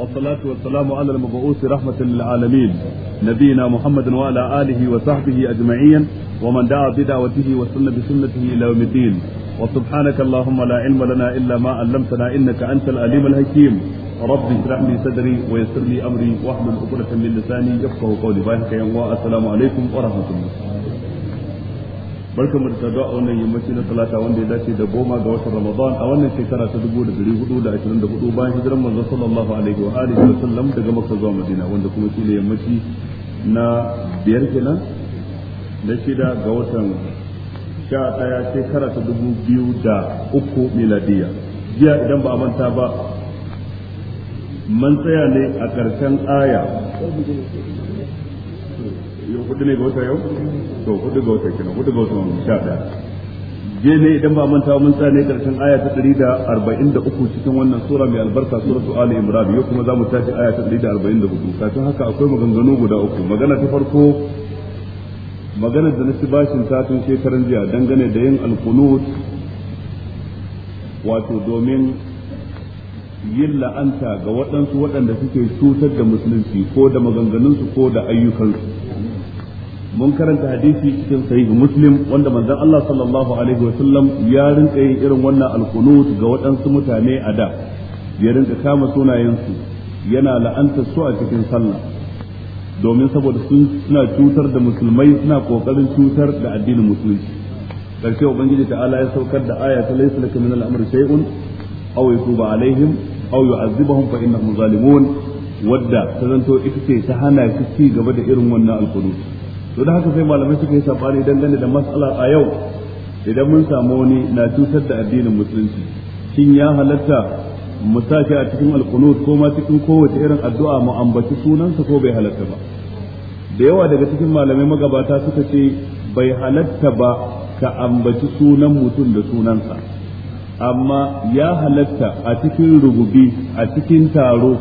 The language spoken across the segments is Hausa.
والصلاة والسلام على المبعوث رحمة للعالمين نبينا محمد وعلى آله وصحبه أجمعين ومن دعا بدعوته وسن بسنته إلى يوم الدين وسبحانك اللهم لا علم لنا إلا ما علمتنا إنك أنت العليم الحكيم رب اشرح لي صدري ويسر لي أمري واحلل عقدة من لساني يفقه قولي باهك يا السلام عليكم ورحمة الله barkamu da saduwa a wannan yammaci na talata wanda ya dace da goma ga watan ramadan a wannan shekara ta dubu da dari hudu da ashirin da hudu bayan hijiran manzon sallallahu alaihi wa alihi wa sallam daga makka zuwa madina wanda kuma shi ne yammaci na biyar kenan da shida ga watan sha daya shekara ta dubu biyu da uku miladiya jiya idan ba a manta ba man tsaya ne a ƙarshen aya yau hudu ne ga wata yau to hudu ga wata kenan hudu ga wata sha daya je ne idan ba manta mun tsane karshen aya ta 143 cikin wannan sura mai albarka suratu ali imran yau kuma zamu tashi aya ta 144 kafin haka akwai maganganu guda uku magana ta farko maganar da na ci bashin ta tun shekaran jiya dangane da yin alkunut wato domin yin la'anta ga waɗansu waɗanda suke cutar da musulunci ko da maganganunsu ko da ayyukansu mun karanta hadisi cikin sahih muslim wanda manzon Allah sallallahu alaihi wa sallam ya rinka yin irin wannan alqunut ga waɗansu mutane a da ya rinka kama sunayensu yana la'anta su a cikin sallah domin saboda sun suna cutar da musulmai suna kokarin cutar da addinin musulunci karshe ubangiji ta'ala ya saukar da aya ta laysa laka min al-amri shay'un aw yatuba alaihim aw yu'azzibuhum fa innahum zalimun wadda ta zanto ita ce ta hana ci gaba da irin wannan alqunut to da haka sai malamai suka yi sabani dangane da matsala a yau idan mun samu wani na cutar da addinin musulunci shin ya halatta mu a cikin alqunut ko ma cikin kowace irin addu'a mu ambaci sunansa ko bai halatta ba da yawa daga cikin malamai magabata suka ce bai halatta ba ka ambaci sunan mutum da sunansa amma ya halatta a cikin rububi a cikin taro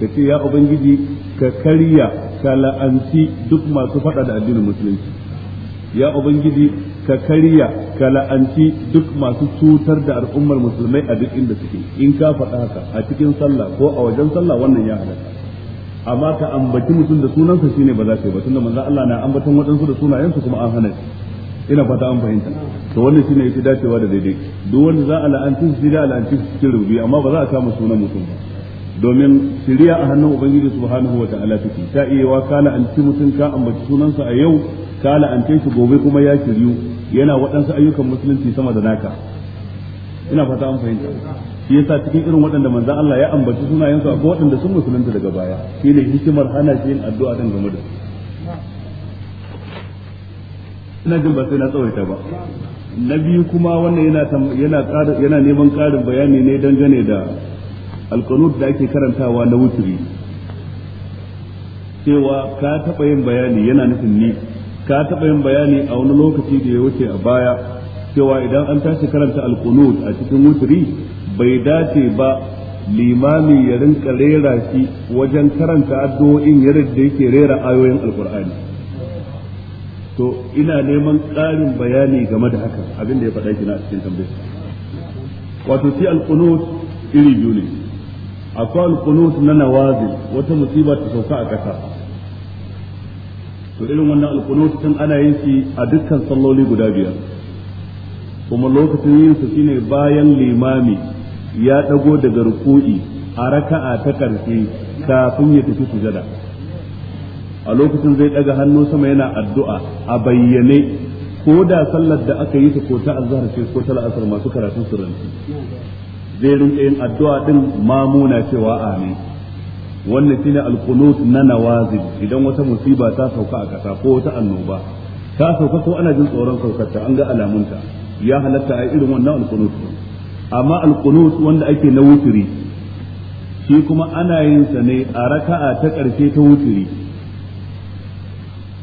ka ce ya ubangiji ka karya ka la'anci duk masu faɗa da addinin musulunci ya ubangiji ka karya ka la'anci duk masu cutar da al'ummar musulmai a duk inda suke in ka faɗa haka a cikin sallah ko a wajen sallah wannan ya halatta amma ka ambaci mutum da sunansa shine ba za ka yi ba tunda manzo Allah na ambaton waɗansu da sunayensu kuma an hana shi ina fata an fahimta to wannan shine yake dacewa da daidai duk wanda za a la'anci shi da la'anci cikin rubi amma ba za a kama sunan mutum ba domin shiriya a hannun ubangiji subhanahu wa ta'ala take ta iya wa kala an ci mutum ka ambaci sunansa a yau kala an shi gobe kuma ya shiryu yana waɗansu ayyukan musulunci sama da naka ina fata an fahimta shi yasa cikin irin waɗanda manzo Allah ya ambaci sunayensu akwai waɗanda sun musulunta daga baya shine hikimar hana shi yin addu'a dan game da ina jin ba sai na tsawaita ba na biyu kuma wannan yana yana yana neman ƙarin bayani ne dangane da alkanut da ake karantawa na wuturi cewa ka taɓa yin bayani yana nufin ni ka taɓa yin bayani a wani lokaci da ya wuce a baya cewa idan an tashi karanta alkunut a cikin wuturi bai dace ba limami ya rinka rera shi wajen karanta addu'o'in yadda da yake rera ayoyin alkur'ani. to ina neman ƙarin bayani game da haka abin da ya faɗa kina a cikin tambayar wato shi alqunut iri biyu ne akwai alkunus na nawazi wata musiba ta sauka a ƙasa, to irin wannan alkunus tun ana yin shi a dukkan salloli guda biyar kuma lokacin yin su shine bayan limami ya dago daga ruku'i a raka'a ta karshe kafin ya tafi sujada a lokacin zai daga hannu sama yana addu'a a bayyane ko da sallar da aka yi ta ko ta azhar ce ko ta la'asar masu karatun suranci zai ɗayan yin addu'a din mamuna cewa amin wannan shine alqunut na nawazil idan wata musiba ta sauka a kasa ko wata annoba ta sauka ko ana jin tsoron saukarta an ga alamunta ya halatta a irin wannan alqunut amma alqunut wanda ake na wuturi shi kuma ana yin sa ne a raka'a ta ƙarshe ta wuturi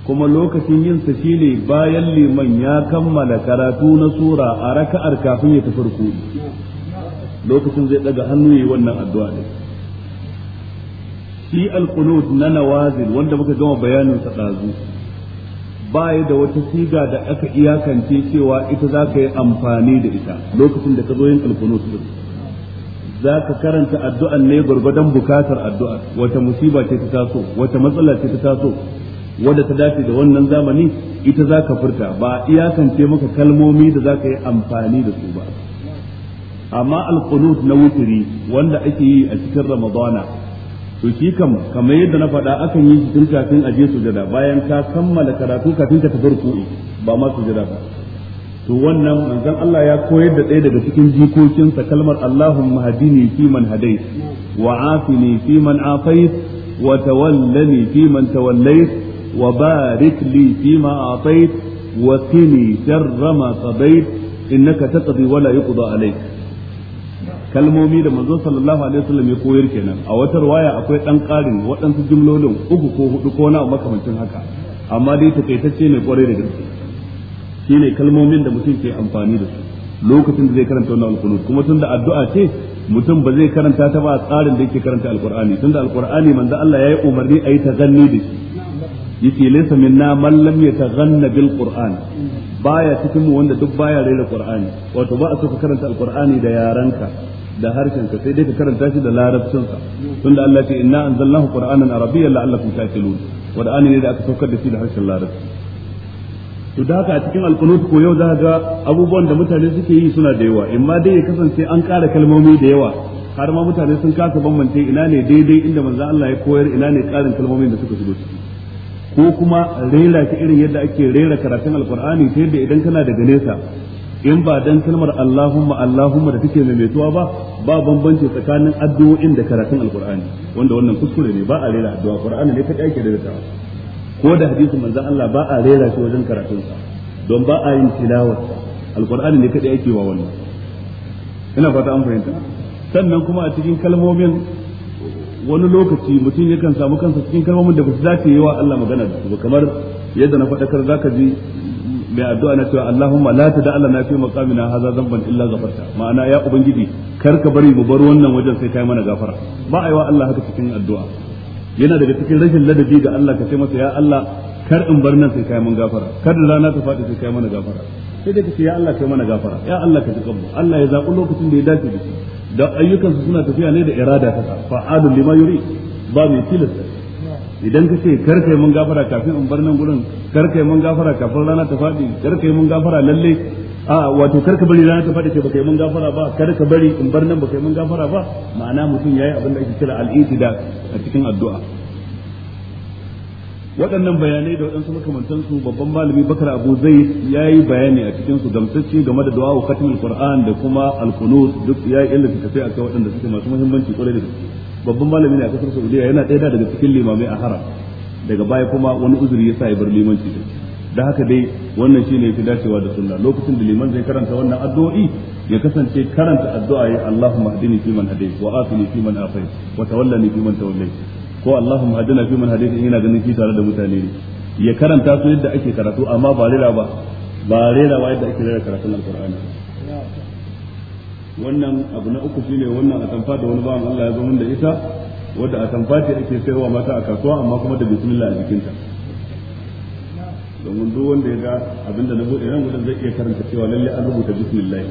kuma lokacin yin sa shine bayan liman ya kammala karatu na sura a raka'ar kafin ya tafi rukuni lokacin zai daga hannu yayi wannan addu'a ne shi alqunut na nawazil wanda muka gama bayanin sa dazu baya da wata siga da aka iyakance cewa ita za ka yi amfani da ita lokacin da ka zo yin alqunut za ka karanta addu'an ne gwargwadon bukatar addu'a wata musiba ce ta taso wata matsala ce ta taso wadda ta dace da wannan zamani ita za ka furta ba iyakance maka kalmomi da za ka yi amfani da su ba amma alqunut na wuturi wanda ake yi a cikin ramadana to shi kam kamar yadda na faɗa akan yi shi tun kafin a je sujada bayan ka kammala karatu kafin ka tafi ruku'i ba ma sujada ba to wannan manzon Allah ya koyar da ɗaya daga cikin jikokinsa kalmar Allahumma hadini fi man hadait wa afini fi man afait wa tawallani fi man tawallait wa barik li fi ma atait wa qini sharra ma qadait innaka taqdi wa la yuqda alayk kalmomi da manzo sallallahu alaihi wasallam ya koyar kenan a wata riwaya akwai dan karin waɗansu jumlolin uku ko hudu ko na makamancin haka amma dai takaitacce ne kwarai da gaske shine kalmomin da mutum ke amfani da su lokacin da zai karanta wannan alqunut kuma tunda addu'a ce mutum ba zai karanta ta ba a tsarin da yake karanta alqur'ani tunda alqur'ani manzo Allah yayi umarni ayi tazanni da shi yace laysa minna man lam yataghanna bil qur'an baya cikin mu wanda duk baya rera qur'ani wato ba a so ka karanta alqur'ani da yaranka da harshen ka sai dai ka karanta shi da larabcin sa tunda Allah ce inna anzalnahu qur'anan arabiyyan la'allakum taqilun qur'ani ne da aka saukar da shi da harshen larabci to da haka a cikin alqunut ko yau za ga abubuwan da mutane suke yi suna da yawa imma dai ya kasance an ƙara kalmomi da yawa har ma mutane sun kasa bambance ina ne daidai inda manzo Allah ya koyar ina ne ƙarin kalmomin da suka shigo ciki ko kuma rera ta irin yadda ake rera karatun alkur'ani ta yadda idan kana daga nesa in ba dan kalmar Allahumma Allahumma da take mai metuwa ba ba bambanci tsakanin addu'o'in da karatun alkur'ani wanda wannan kuskure ne ba a rera addu'a qur'ani ne kadai ke rera ta ko da hadisin manzon Allah ba a rera shi wajen karatunsa don ba a yin tilawar alkur'ani ne kadai ake wa wannan ina fata an fahimta sannan kuma a cikin kalmomin wani lokaci mutum yakan samu kansa cikin kalmomin da ba su dace yawa Allah magana da su kamar yadda na faɗakar ka ji mai addu'a na cewa Allahumma la Allah na fi maqamina hadha dhanban illa ghafarta ma'ana ya ubangiji kar ka bari mu bar wannan wajen sai kai mana gafara ba a yi wa Allah haka cikin addu'a yana daga cikin rashin ladabi ga Allah ka ce masa ya Allah kar in bar nan sai kai mun gafara kar da rana ta faɗi sai kai mana gafara sai da ka ce ya Allah kai mana gafara ya Allah ka ji kanmu Allah ya zaɓi lokacin da ya dace da shi ayyukan ayyukansu suna tafiya ne da irada ta fa'alun lima yuri ba mai tilasta idan ka ce karkai mun gafara kafin in bar nan gurin kar mun gafara kafin rana ta faɗi kar mun gafara lalle a wato kar ka bari rana ta faɗi ce baka yi mun gafara ba kar ka bari in bar nan baka yi mun gafara ba ma'ana mutum yayi abin da ake kira al-itida a cikin addu'a waɗannan bayanai da waɗansu makamantansu babban malami bakar abu zai ya yi bayani a cikinsu gamsacce game da katin al qur'an da kuma al-qunut duk ya yi illata kafe akan waɗanda suke masu muhimmanci kwarai da gaske babban malami ne a kasar saudiya yana ɗaya daga cikin limamai a haram daga baya kuma wani uzuri ya sa ya bar limanci da haka dai wannan shine yafi dacewa da sunna lokacin da liman zai karanta wannan addu'o'i ya kasance karanta addu'a ya Allahumma hadini fi man hadayt wa afini fi afayt wa tawallani fi tawallayt ko Allahumma hadina fi man hadaita yana ganin shi tare da mutane ne ya karanta su yadda ake karatu amma ba rera ba ba rera ba yadda ake rera karatun alqur'ani wannan abu na uku shine wannan a tamfa da wani bawan Allah ya zo mun da ita wadda tamfa ce ake sayarwa mata a kasuwa amma kuma da bismillah a ta domin duk wanda ya ga abinda na bude nan gudun zai iya karanta cewa lalle an rubuta bismillah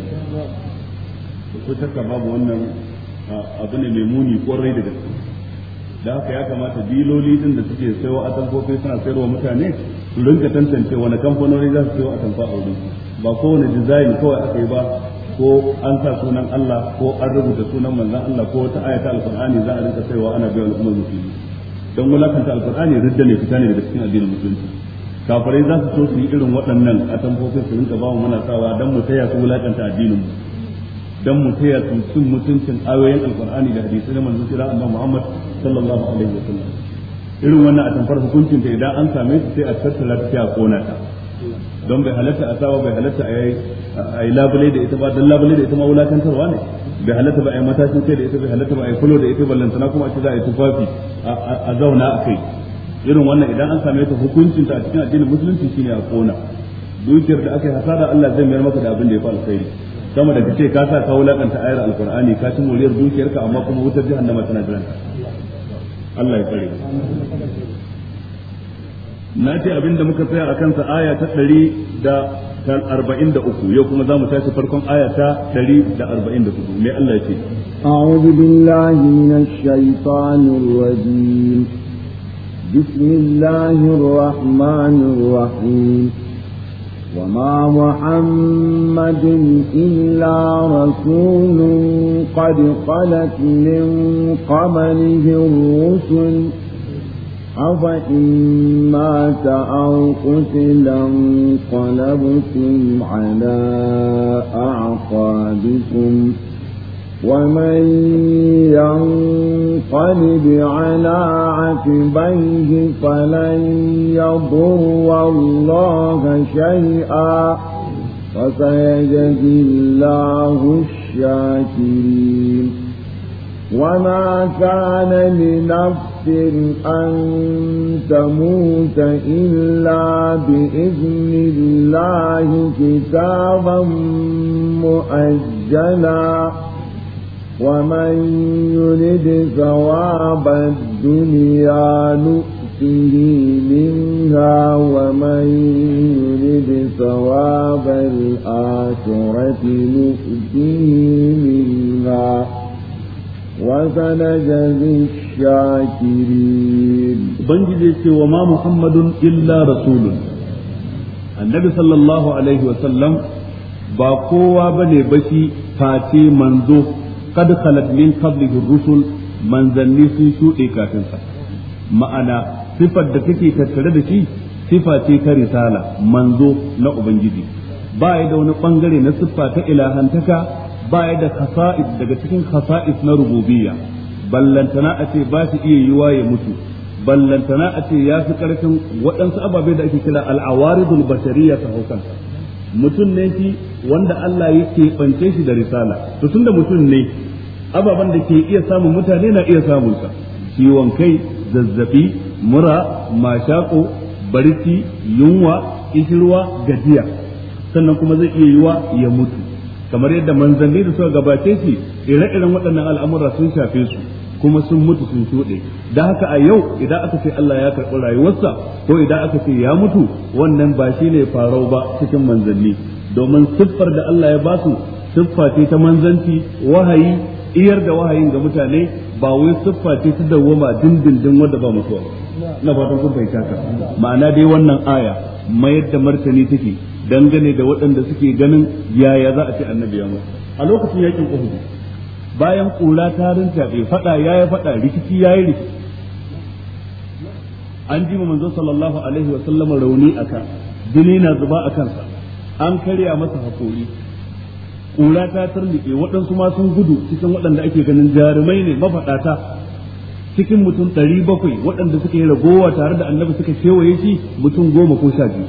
ko ta babu wannan abu ne mai muni kwarai da gaske da haka ya kamata diloli din da suke sayo a atamfofi suna sayarwa mutane su rinka tantance wani kamfanoni za su sayo a a wurin ba kowane design kawai aka yi ba ko an sa sunan Allah ko an rubuta sunan manzon Allah ko ta ayata alqur'ani za a rinka sayowa ana biyan al'ummar musulmi dan ta alqur'ani ridda ne fita ne daga cikin addinin musulunci kafirai za su so su yi irin waɗannan a atamfofin su rinka ba mu muna sawa dan mu taya su ta addinin mu dan mu taya su sun mutuncin ayoyin alqur'ani da hadisi na manzon sirra Allah Muhammad sallallahu alaihi wasallam irin wannan a tamfar hukuncin da idan an same su sai a tattala ta sai a kona ta don bai halatta a sawa bai halatta a yi labule da ita ba don labule da ita ma wulatantarwa ne bai halatta ba a yi matashin kai da ita bai halatta ba a yi kulo da ita ballantana kuma a ce za a yi tufafi a zauna a kai irin wannan idan an same ta hukuncin ta a cikin addinin musulunci shine a kona dukiyar da aka yi hasara Allah zai mayar maka da abin da ya fi alkhairi sama da kace ka sa ka wulakanta ayar alqur'ani ka ci moriyar dukiyarka amma kuma wutar jahannama tana jiran ka Allah ya kare na ce abinda muka tsaya a kansa aya ta ɗari da arba'in da uku yau kuma za mu tashi farkon aya ta ɗari da arba'in da hudu mai Allah ya ce أعوذ بالله من الشيطان الرجيم بسم الله الرحمن الرحيم وما محمد إلا رسول قد خلت من قبله الرسل أفإن مات أو قتل انقلبتم على أعقابكم ۖ ومن ينقلب على عقبيه فلن يضر الله شيئا فسيجزي الله الشاكرين وما كان لنفس أن تموت إلا بإذن الله كتابا مؤجلا ومن يرد ثواب الدنيا نؤته منها ومن يرد ثواب الآخرة نؤته منها وسنجزي الشاكرين بنجد وما محمد إلا رسول النبي صلى الله عليه وسلم ba kowa bane bashi face manzo qad khalat min qablihi rusul manzanni sun shuɗe kafin sa ma'ana sifar da take tattare da shi sifa ce ta risala manzo na ubangiji ba ya da wani bangare na siffa ta ilahantaka ba ya da khasa'is daga cikin khasa'is na rububiyya ballantana a ce ba shi iya yiwa ya mutu ballantana a ce ya fi ƙarfin waɗansu ababen da ake kira al'awaridul bashariya ta haukansa mutum ne shi wanda Allah ya keɓance shi da risala to da mutum ne ababen da ke iya samun mutane na iya samun sa ciwon kai zazzabi mura mashako barci yunwa ishirwa gajiya sannan kuma zai iya yiwa ya mutu kamar yadda manzanni da suka gabace shi ire-iren waɗannan al'amura sun shafe su kuma sun mutu sun shuɗe da haka a yau idan aka ce Allah ya karɓi rayuwarsa ko idan aka ce ya mutu wannan ba shi ne farau ba cikin manzanni domin siffar da Allah ya ba su siffa ce ta manzanci wahayi iyar da wahayin ga mutane ba wai siffa ce ta dawwama dindindin wanda ba mutuwa na fatan kun fahimta ka ma'ana dai wannan aya mayar da martani take dangane da waɗanda suke ganin yaya za a ce annabi ya mutu a lokacin yakin uhud bayan kura ta bai faɗa ya yi faɗa rikici ya yi rikici an ji manzo sallallahu alaihi wasallam rauni a kan jini na zuba a kansa an karya masa haƙori kura ta tarnike waɗansu ma sun gudu cikin waɗanda ake ganin jarumai ne mafaɗata cikin mutum ɗari bakwai waɗanda suka yi ragowa tare da annabi suka kewaye shi mutum goma ko sha biyu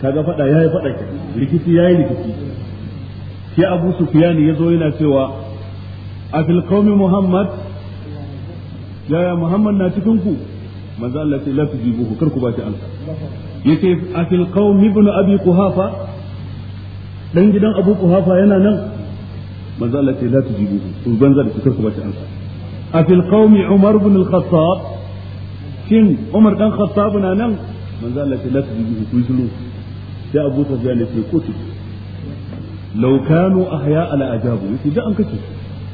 kaga faɗa ya yi faɗa rikici ya yi rikici sai abu sufyan ya zo yana cewa a fil qaumi muhammad yaya muhammad na cikin ku manzo Allah sai la ku kar ku ba shi alsa yace a fil qaumi ibn abi quhafa dan gidan abu quhafa yana nan manzo Allah sai la tujibuhu ku banza da kar ku ba shi alsa a fil qaumi umar ibn al-khattab shin umar dan khattab na nan manzo Allah sai la tujibuhu ku shiru sai abu sufyan ya ko لو كانوا haya على ajabu yace da an kace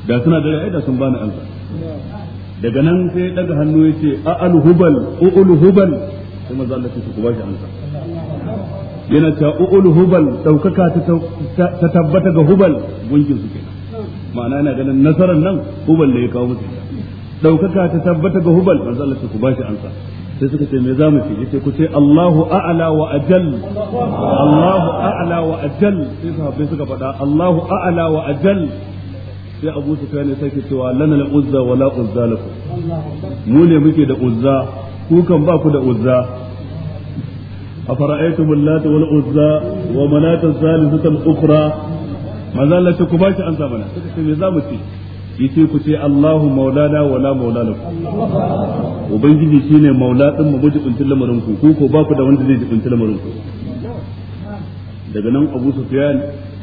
da suna da ra'ayi da sun bani ansa daga nan sai daga hannu yace a al hubal ul hubal sai ku yana ta ul hubal daukaka ta tabbata ga hubal gunkin su kenan ma'ana yana ganin nasarar nan hubal ne ya kawo musu daukaka ta tabbata ga hubal manzo Allah ku bashi ansa sai suka ce me za mu ce yace ku ce Allahu a'la wa ajal Allahu a'la wa ajal sai sahabbai suka faɗa Allahu a'la wa ajal sai Abu Sufyan ya sake cewa lana al-uzza wa la uzza lakum mu ne muke da uzza ku kan ba ku da uzza a uzza wa أفرأيتم اللات والعزى ومناة الثالثة الأخرى ما زال لك كباش أنت me za mu التي yace ku ce Allahu maulana wala maula lakum ubangiji shine maula din mu mujibuntun lamarin ku ku ko ba da wanda zai jibuntun lamarin ku daga nan Abu Sufyan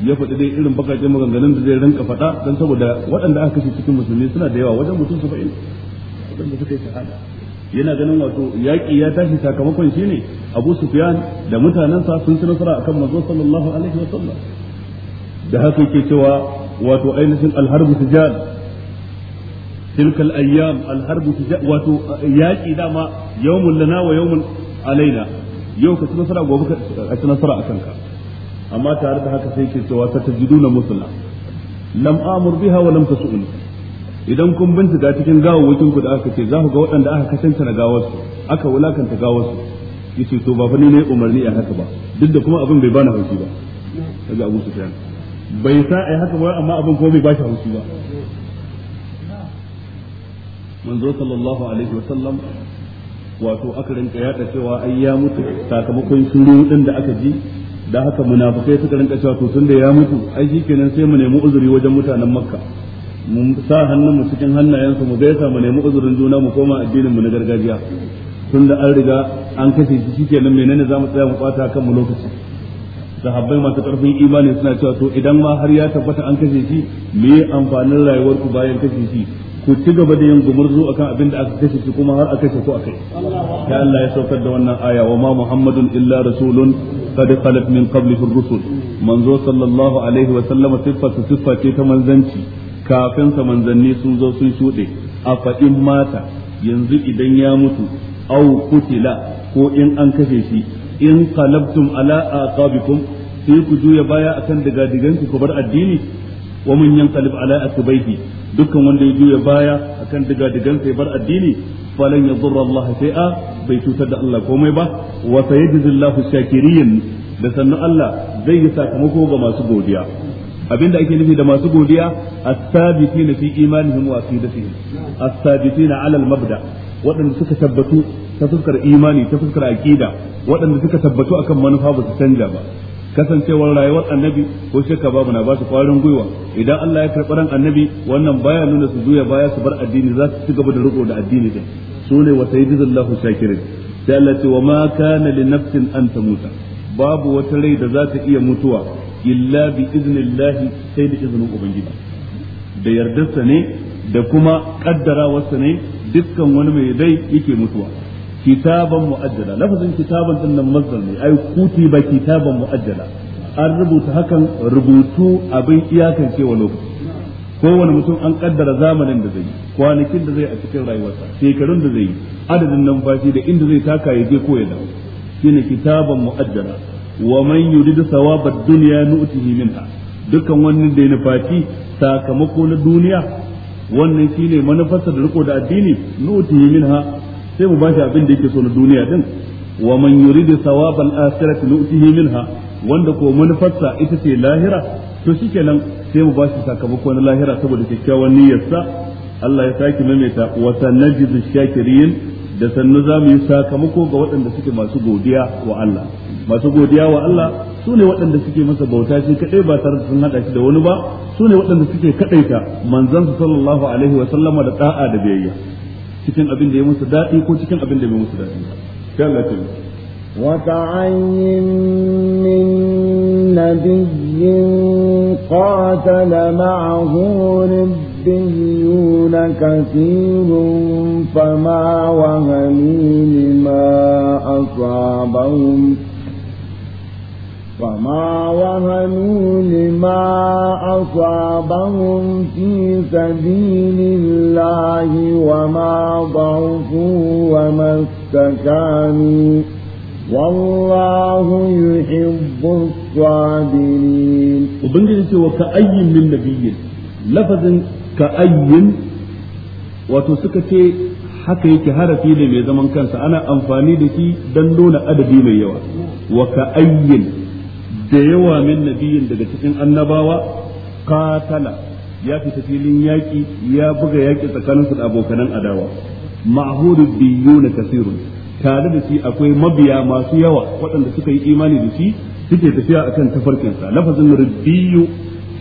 ya faɗi dai irin bakaƙen maganganun da zai rinka faɗa don saboda waɗanda aka kashe cikin musulmi suna da yawa wajen mutum saba'in waɗanda suka yi shahada yana ganin wato yaƙi ya tashi sakamakon shi ne abu sufyan da mutanensa sun ci nasara akan manzo sallallahu alaihi wa sallam da haka yake cewa wato ainihin alharbu sijal tilkal ayyam al harbu wato yaki dama yawmun lana wa yawmun alaina yau ka ci nasara gobe ka ci nasara a kanka amma tare da haka sai ke ta musula idan kun bincika cikin gawawwakin ku da aka ce za ku ga waɗanda aka kasance na gawarsu aka wulakanta gawarsu yace to ba fa ni ne umarni a haka ba duk da kuma abin bai bani haushi ba daga Abu Sufyan bai sa ai haka ba amma abin kuma bai bashi haushi ba manzo sallallahu alaihi wa sallam wato aka rinka yada cewa ai ya mutu sakamakon shiru din da aka ji da haka munafikai suka rinka cewa to tunda ya mutu ai shikenan sai mu nemi uzuri wajen mutanen makka mu sa hannun mu cikin hannayensu mu gaisa mu nemi uzurin juna mu koma addinin mu na gargajiya tunda an riga an kashe shi shikenan menene zamu tsaya mu kwata kan mu lokaci sahabbai masu karfin imani suna cewa to idan ma har ya tabbata an kashe shi me amfanin rayuwarku bayan kashe shi su ci gaba da yin gumurzu akan abin da aka kashe su kuma har aka kashe ku akai ya Allah ya saukar da wannan aya wa ma muhammadun illa rasulun qad khalat min qablihi rusul manzo sallallahu alaihi wa sallama siffa ta manzanci kafin sa manzanni sun zo sun shuɗe a faɗin mata yanzu idan ya mutu au kutila ko in an kashe shi in qalabtum ala aqabikum sai ku juya baya akan daga diganku ku bar addini wa man yanqalib ala asbaihi dukkan wanda ya juya baya akan diga digan sai bar addini falan yadurra Allah shay'a bai cutar da Allah komai ba wa sayajizillahu shakirin da sannu Allah zai yi sakamako ga masu godiya abinda ake nufi da masu godiya as-sabitina fi imanihim wa aqidatihim as-sabitina 'ala al-mabda waɗanda suka tabbatu ta fuskar imani ta fuskar aqida waɗanda suka tabbatu akan manufa ba su canja ba kasancewar rayuwar annabi ko shakka babu na ba su kwarin gwiwa idan Allah ya karɓi ran annabi wannan baya nuna su juya baya su bar addini za su ci gaba da riko da addini din su ne wa sayyidillahu shakirin sai Allah ce wa ma kana li nafsin an tamuta babu wata rai da za ta iya mutuwa illa bi iznillahi sai da izinin ubangiji da yardarsa ne da kuma kaddarawarsa ne dukkan wani mai rai yake mutuwa kitaban mu'ajjala lafazin kitaban din nan mazdar ne ai kuti ba kitaban mu'ajjala an rubuta hakan rubutu abin iyakancewa lokaci kowane mutum an kaddara zamanin da zai yi kwanakin da zai a cikin rayuwarsa shekarun da zai yi adadin numfashi da inda zai taka ya je ko ya dawo shine kitaban mu'ajjala wa man yuridu thawaba dunya nu'tihi minha dukkan wani da ya nufaci sakamako na duniya wannan shine manufarsa da riko da addini nu'tihi minha sai mu bashi abin da yake so na duniya din wa man yuridu thawabal akhirati nu'tihi minha wanda ko manufarsa ita ce lahira to shikenan sai mu bashi sakamako na lahira saboda kyakkyawan niyyarsa Allah ya saki maimaita wa sanajidu shakirin da sannu za mu yi sakamako ga waɗanda suke masu godiya wa Allah masu godiya wa Allah su ne waɗanda suke masa bauta shi kaɗai ba tare da sun haɗa shi da wani ba su ne waɗanda suke kaɗaita manzansu sallallahu alaihi wa sallama da ɗa'a da biyayya cikin abin da ya musu daɗi ko cikin abin da bai musu daɗi ba sai Allah ta yi من نبي قاتل معه ربيون كثير فما وهنوا لما أصابهم فما وهنوا لما أصابهم في سبيل الله وما ضعفوا وما استكانوا والله يحب الصابرين وبنجد وكأي من نبي لفظ كأي وتسكت haka yake harafi ne mai zaman kansa ana amfani da shi don nuna adadi mai yawa wa ka ayyin da yawa min nabiyin daga cikin annabawa katala ya fita filin yaƙi ya buga yaƙi tsakaninsu da abokanan adawa biyu na kasirun tare da shi akwai mabiya masu yawa waɗanda suka yi imani da shi suke tafiya akan tafarkinsa lafazin rubiyu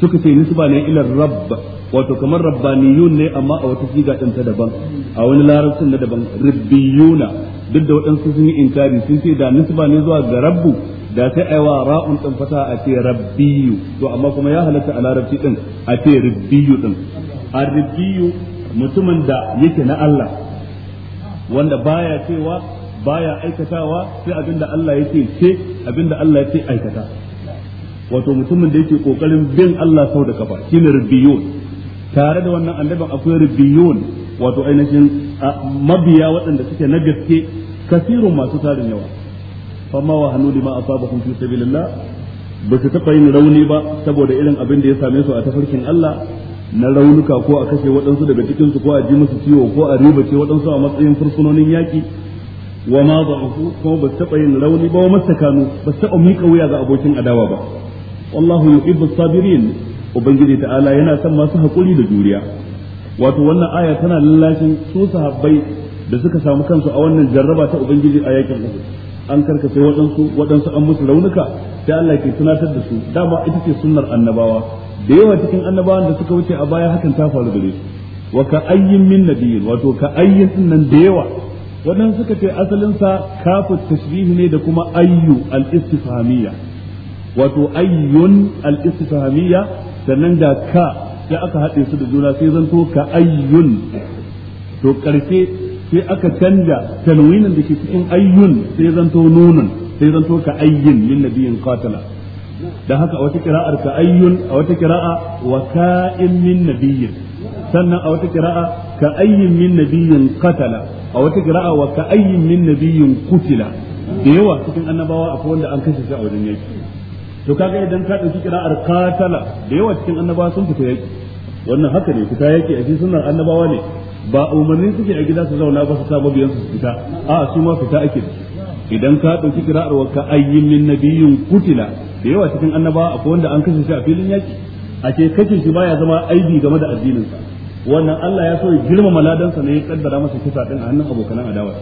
suka ce nisba ne ila rabb wato kamar rabbaniyun ne amma a wata siga din ta daban a wani larabcin na daban rubbiyuna duk da waɗansu sun yi inkari sun ce da nisba ne zuwa ga rabbu da ta aiwa ra'un din fata a ce rabbiyu to amma kuma ya halatta a larabci din a ce rabbiyu din ar-rabbiyu mutumin da yake na Allah wanda baya cewa baya aikatawa sai abinda Allah yake ce abinda Allah yake aikata wato mutumin da yake kokarin bin Allah sau da kafa shine rabbiyun tare da wannan annabin akwai rabbiyun wato ainihin mabiya waɗanda suke na gaske kasirun masu tarin yawa fama wa hannu lima asabahum fi sabilillah ba su taɓa yin rauni ba saboda irin abin da ya same su a tafarkin Allah na raunuka ko a kashe waɗansu daga cikinsu ko a ji musu ciwo ko a riba ce waɗansu a matsayin fursunonin yaƙi wa ma ku ko ba su taɓa yin rauni ba wa masakanu ba su taɓa miƙa wuya ga abokin adawa ba wallahu yuhibbu sabirin ubangiji ta'ala yana son masu haƙuri da juriya wato wannan aya tana lallashin su sahabbai da suka samu kansu a wannan jarraba ta ubangiji a yakin Uhud an karkace waɗansu waɗansu an musu raunuka sai Allah ke tunatar da su dama ita ce sunnar annabawa da yawa cikin annabawan da suka wuce a baya hakan ta faru gare su wa ka ayyin min nabiyyin wato ka ayyin nan da yawa waɗansu suka ce asalin sa kafu tashbihi ne da kuma ayyu al-istifhamiyya wato ayyun al-istifhamiyya sannan da ka da aka haɗe su da juna sai zanto ka ayyun to karfe. sai aka canja tanwinin da ke cikin ayyun sai zanto nunun sai zanto ka ayyin lin nabiyin qatala dan haka a wata kira'ar ka ayyun a wata kira'a wa ka'in min nabiyyin sannan a wata kira'a ka ayyin min nabiyyin qatala a wata kira'a wa ka ayyin min nabiyyin kutila da yawa cikin annabawa akwai wanda an kashe shi a wajen yaki to kaga idan ka dauki kira'ar qatala da yawa cikin annabawa sun fita yaki wannan haka ne fita yake a cikin sunnar annabawa ne ba umarnin suke a gida su zauna ba su sa mabiyan su fita a su ma fita ake da idan ka dauki kira'ar wa ka ayyin min nabiyyin kutila da yawa cikin annabawa akwai wanda an kashe shi a filin yaki a ce kashe shi baya zama aibi game da addinin sa wannan Allah ya so ya girmama ladansa ne ya kaddara masa kisa din a hannun abokan adawa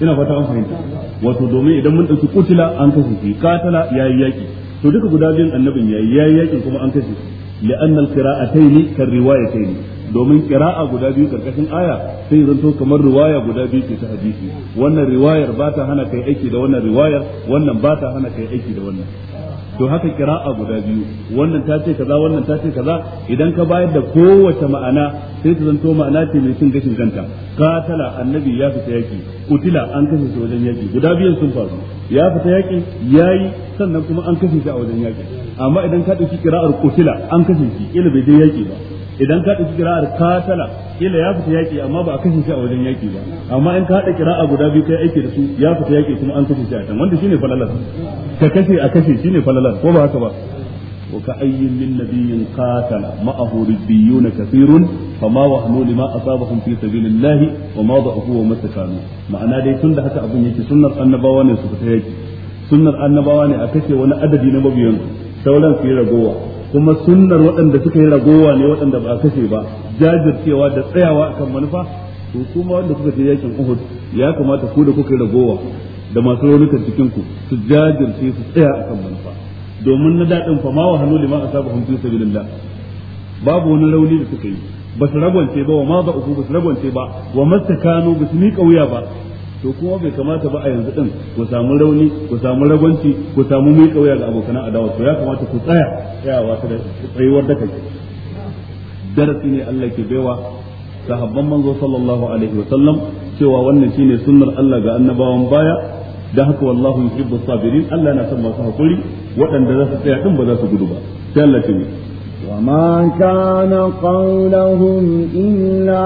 ina fata an fahimta wato domin idan mun dauki kutila an kashe shi katala yayi yaki to duka guda biyun annabin yayi yayi yakin kuma an kashe shi لأن القراءتين كالروايتين domin kira'a guda biyu karkashin aya sai zanto kamar riwaya guda biyu ce ta hadisi wannan riwayar ba ta hana kai aiki da wannan riwayar wannan ba ta hana kai aiki da wannan to haka kira'a guda biyu wannan ta ce kaza wannan ta ce kaza idan ka bayar da kowace ma'ana sai ta zanto ma'ana ce mai cin gashin kanta katala annabi ya fita yaki utila an kashe shi wajen yaki guda biyan sun faru ya fita yaki yayi sannan kuma an kashe shi a wajen yaki amma idan ka dauki kira'ar kutila an kashe shi ila bai je yaki ba idan ka ɗauki kira'ar katala kila ya fita yaƙi amma ba a kashe shi a wajen yaƙi ba amma in ka haɗa kira'a guda biyu kai aiki da su ya fita yaƙi kuma an kashe shi a can wanda shine falalar ka kashe a kashe shine falalar ko ba haka ba wa ka ayyin min nabiyyin qatala ma'ahu ribbiyuna kathirun fama wahnu lima asabahum fi sabilillahi wa ma da'afu wa mastakanu ma'ana dai tunda haka abun yake sunnar annabawa ne su fita yaƙi sunnar annabawa ne a kashe wani adadi na mabiyan sauran su yi ragowa kuma sunnar waɗanda suka yi ragowa ne waɗanda ba a kashe ba jajircewa da tsayawa akan manufa to kuma wanda kuka je yakin Uhud ya kamata ku da kuka yi ragowa da masu raunukan cikin ku su jajirce su tsaya akan manufa domin na daɗin fa ma wahalu liman saba fi sabilillah babu wani rauni da suka yi ba su ragwance ba wa ma ba uku ba su ragwance ba wa mastakanu ba su miƙa wuya ba to kuma bai kamata ba a yanzu din ku samu rauni ku samu ragwanci ku samu mai kauya ga abokan adawa to ya kamata ku tsaya tsayawa ta da tsayuwar da kake darasi ne Allah ke baiwa sahabban manzo sallallahu alaihi wa sallam cewa wannan shine sunnar Allah ga annabawan baya da haka wallahu yuhibbu sabirin Allah yana son masu hakuri waɗanda za su tsaya din ba za su gudu ba sai Allah ya وما كان قولهم إلا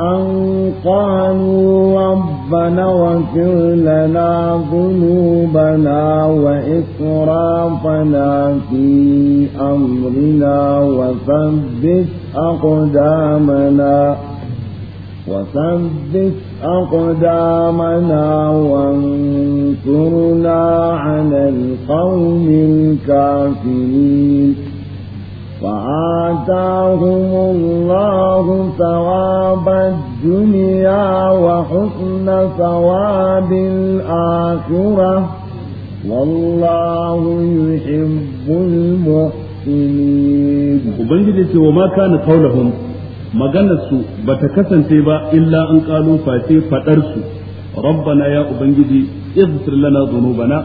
أن قالوا ربنا واغفر لنا ذنوبنا وإسرافنا في أمرنا وثبت أقدامنا وثبت أقدامنا وانصرنا على القوم الكافرين فآتاهم الله ثواب الدنيا وحسن ثواب الآخرة والله يحب المحسنين وبنجد وما كان قولهم maganarsu ba ta kasance ba illa an kalu face faɗarsu rabbana ya ubangiji izfir lana dhunubana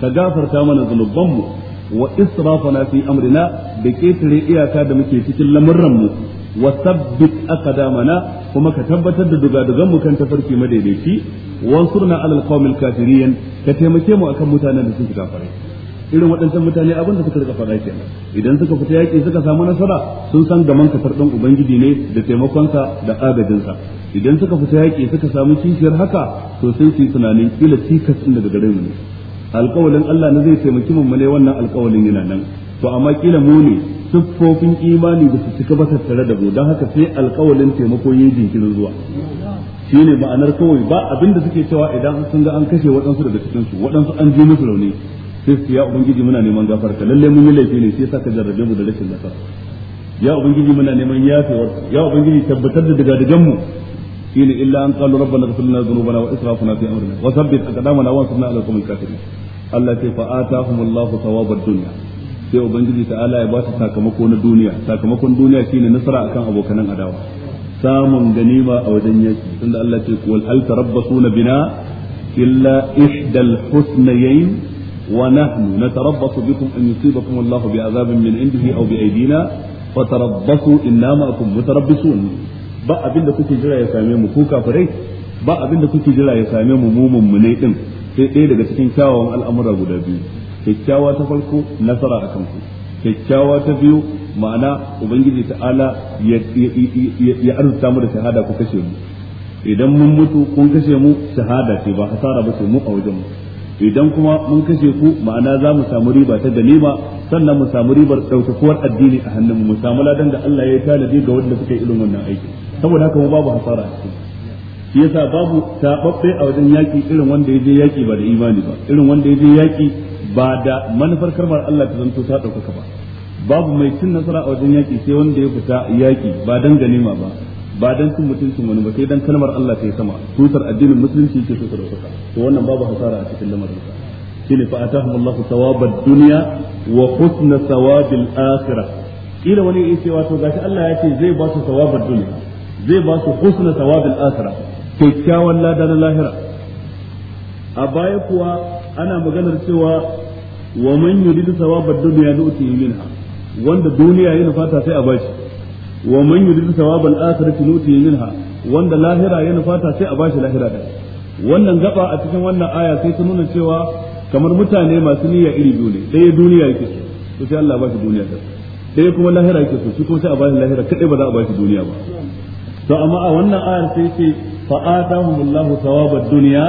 ka gafarta mana zunuban mu. wa israfana fi amrina da ketare iyaka da muke cikin lamurran mu wa sabbit aqdamana kuma ka tabbatar da dugadugan mu kan tafarki madaidaici wansurna alal qawmil kafirin ka taimake mu akan mutanen da suke kafare irin waɗancan mutane abin da suka rika faɗa kenan idan suka fita yaƙi suka samu nasara sun san gaman kasar ɗan ubangiji ne da taimakonsa da agajinsa idan suka fita yaƙi suka samu kishiyar haka to sai su yi tunanin kila cikas ɗin daga gare mu ne alƙawalin Allah na zai taimaki mummune wannan alƙawalin yana nan to amma kila mu ne siffofin imani da su cika ba tattare da mu don haka sai alƙawalin taimako yin jinkirin zuwa Shi ne ma'anar kawai ba abinda suke cewa idan sun ga an kashe waɗansu daga cikin su waɗansu an ji musu rauni sai su ya ubangiji muna neman gafarta lalle mun yi laifi ne sai saka jarrabe mu da rashin nasara ya ubangiji muna neman yafewar ya ubangiji tabbatar da daga dagan mu shine illa an qalu rabbana ighfir lana dhunubana wa israfana fi amrina wa thabbit aqdamana wa ansurna ala al-qawmi al-kafirin Allah ce fa atahumullahu thawabad dunya sai ubangiji ta'ala ya ba su sakamako na duniya sakamakon duniya shine nasara akan abokanan adawa samun ganima a wajen yaki tunda Allah ce wal hal tarabbasuna bina illa ihdal husnayn wa nahnu natarabbasu bikum an yusibakum Allahu bi'azabin min indihi aw bi'aydina fatarabbasu inna ma'akum mutarabbisun ba abinda kuke jira ya same mu ku kafirai ba abinda kuke jira ya same mu mu ne din sai ɗaya daga cikin kyawawan al'amura guda biyu kyakkyawa ta farko nasara a kanku kyakkyawa ta biyu ma'ana ubangiji ta'ala ya arzuta mu da shahada ku kashe mu idan mun mutu kun kashe mu shahada ce ba hasara ba ce mu a wajen mu idan kuma mun kashe ku ma'ana za mu samu riba ta ganima sannan mu samu ribar ɗaukakuwar addini a hannun mu samu ladan da Allah ya tanadi ga wanda suka yi irin wannan aiki saboda haka mu babu hasara a cikin shi yasa babu tababbe a wajen yaki irin wanda yaje yaki ba da imani ba irin wanda ya je yaki ba da manufar karmar Allah ta zanto ta dauka ba babu mai cin nasara a wajen yaki sai wanda ya fita yaki ba dan ganima ba ba dan cin mutuncin wani ba sai dan kalmar Allah ta yi sama tutar addinin musulunci ce tutar dauka to wannan babu hasara a cikin lamarin sa shine fa atahum Allah thawabad dunya wa husna thawabil akhirah kila wani cewa to gashi Allah ya ce zai ba su thawabad dunya zai ba su husna thawabil akhirah kyakkyawan lada na lahira a baya kuwa ana maganar cewa wa man yuridu sawaba dunya nu'tihi minha wanda duniya yana fata sai a bashi wa man yuridu sawaba al-akhirati nu'tihi minha wanda lahira yana fata sai a bashi lahira da wannan gaba a cikin wannan aya sai ta nuna cewa kamar mutane masu niyya iri biyu ne ɗaya duniya yake so to sai Allah ba shi duniya da ɗaya kuma lahira yake so shi kuma sai a bashi lahira kadai ba za a bashi duniya ba to amma a wannan ayar sai ce فآتاهم الله ثواب الدنيا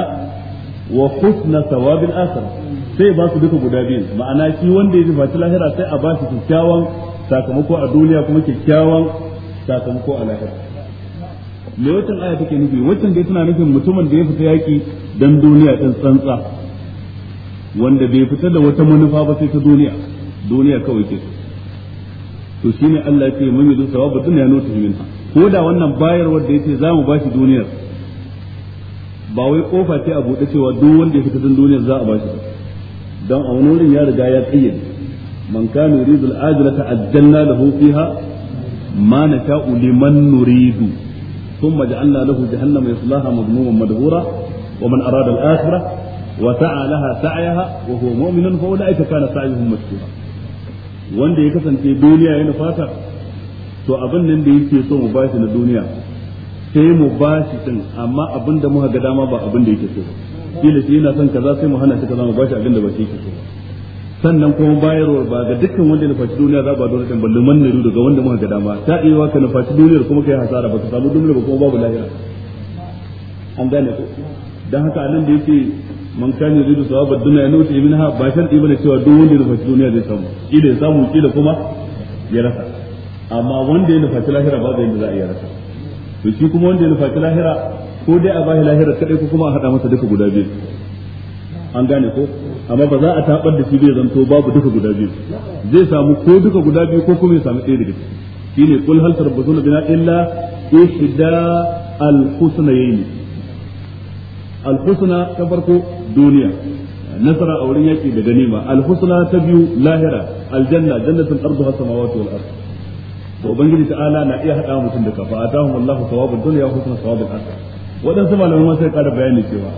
وحسن ثواب الآخرة sai ba su duka guda biyu ma'ana shi wanda ya faci lahira sai a ba shi kyakkyawan sakamako a duniya kuma kyakkyawan sakamako a lahira me wancan aya take nufi wancan dai tana nufin mutumin da ya fita yaki dan duniya din tsantsa wanda bai fita da wata manufa ba sai ta duniya duniya kawai ke to shine Allah ya ce mun yi sawabu dunya nutu minha ko da wannan bayar wanda yace zamu bashi duniyar ba wai kofa ce a buɗe cewa duk wanda ya fita don duniyar za a bashi don a wani wurin ya riga ya kayyade man kana yuridu al-ajrata ajjalna lahu fiha ma nata'u liman nuridu thumma ja'alna lahu jahannama yaslaha madmuman madhura wa man arada al-akhirah wa sa'a laha sa'yaha wa huwa mu'minun fa ulaika kana sa'yuhum mashkura wanda ya kasance duniya yana fata to abin nan da yake so mu bashi na duniya sai mu ba shi din amma abin da muka ga dama ba abin da yake so kila shi yana son kaza sai mu hana shi kaza mu ba shi abin da ba shi yake so sannan kuma bayarwar ba ga dukkan wanda na faci duniya za ba dole kan balle man ne daga wanda muka ga dama ta iya ka na faci duniya kuma kai hasara ba ka samu duniya ba kuma babu lahira an gane ko dan haka anan da yake man kana yuridu sawabad dunya nuti minha ba shan ibn cewa duk wanda ya faci duniya zai samu kila ya samu kila kuma ya rasa amma wanda ya faci lahira ba zai da za a iya rasa to shi kuma wanda ya nufaci lahira ko dai a bashi lahira kadai ko kuma a hada masa duka guda biyu an gane ko amma ba za a tabar da shi bai zanto babu duka guda biyu zai samu ko duka guda biyu ko kuma ya samu ɗaya daga ciki shine kul hal tarbuzuna bina illa ihda al husnayn al husna ta farko duniya nasara a wurin yaki da ganima al husna ta biyu lahira aljanna jannatul arduha samawati wal ardh to ubangiji ta'ala na iya hada mutum da kafa atahum Allahu thawabud dunya wa husna thawabul akhirah wadansu malamai ma sai ƙara bayani cewa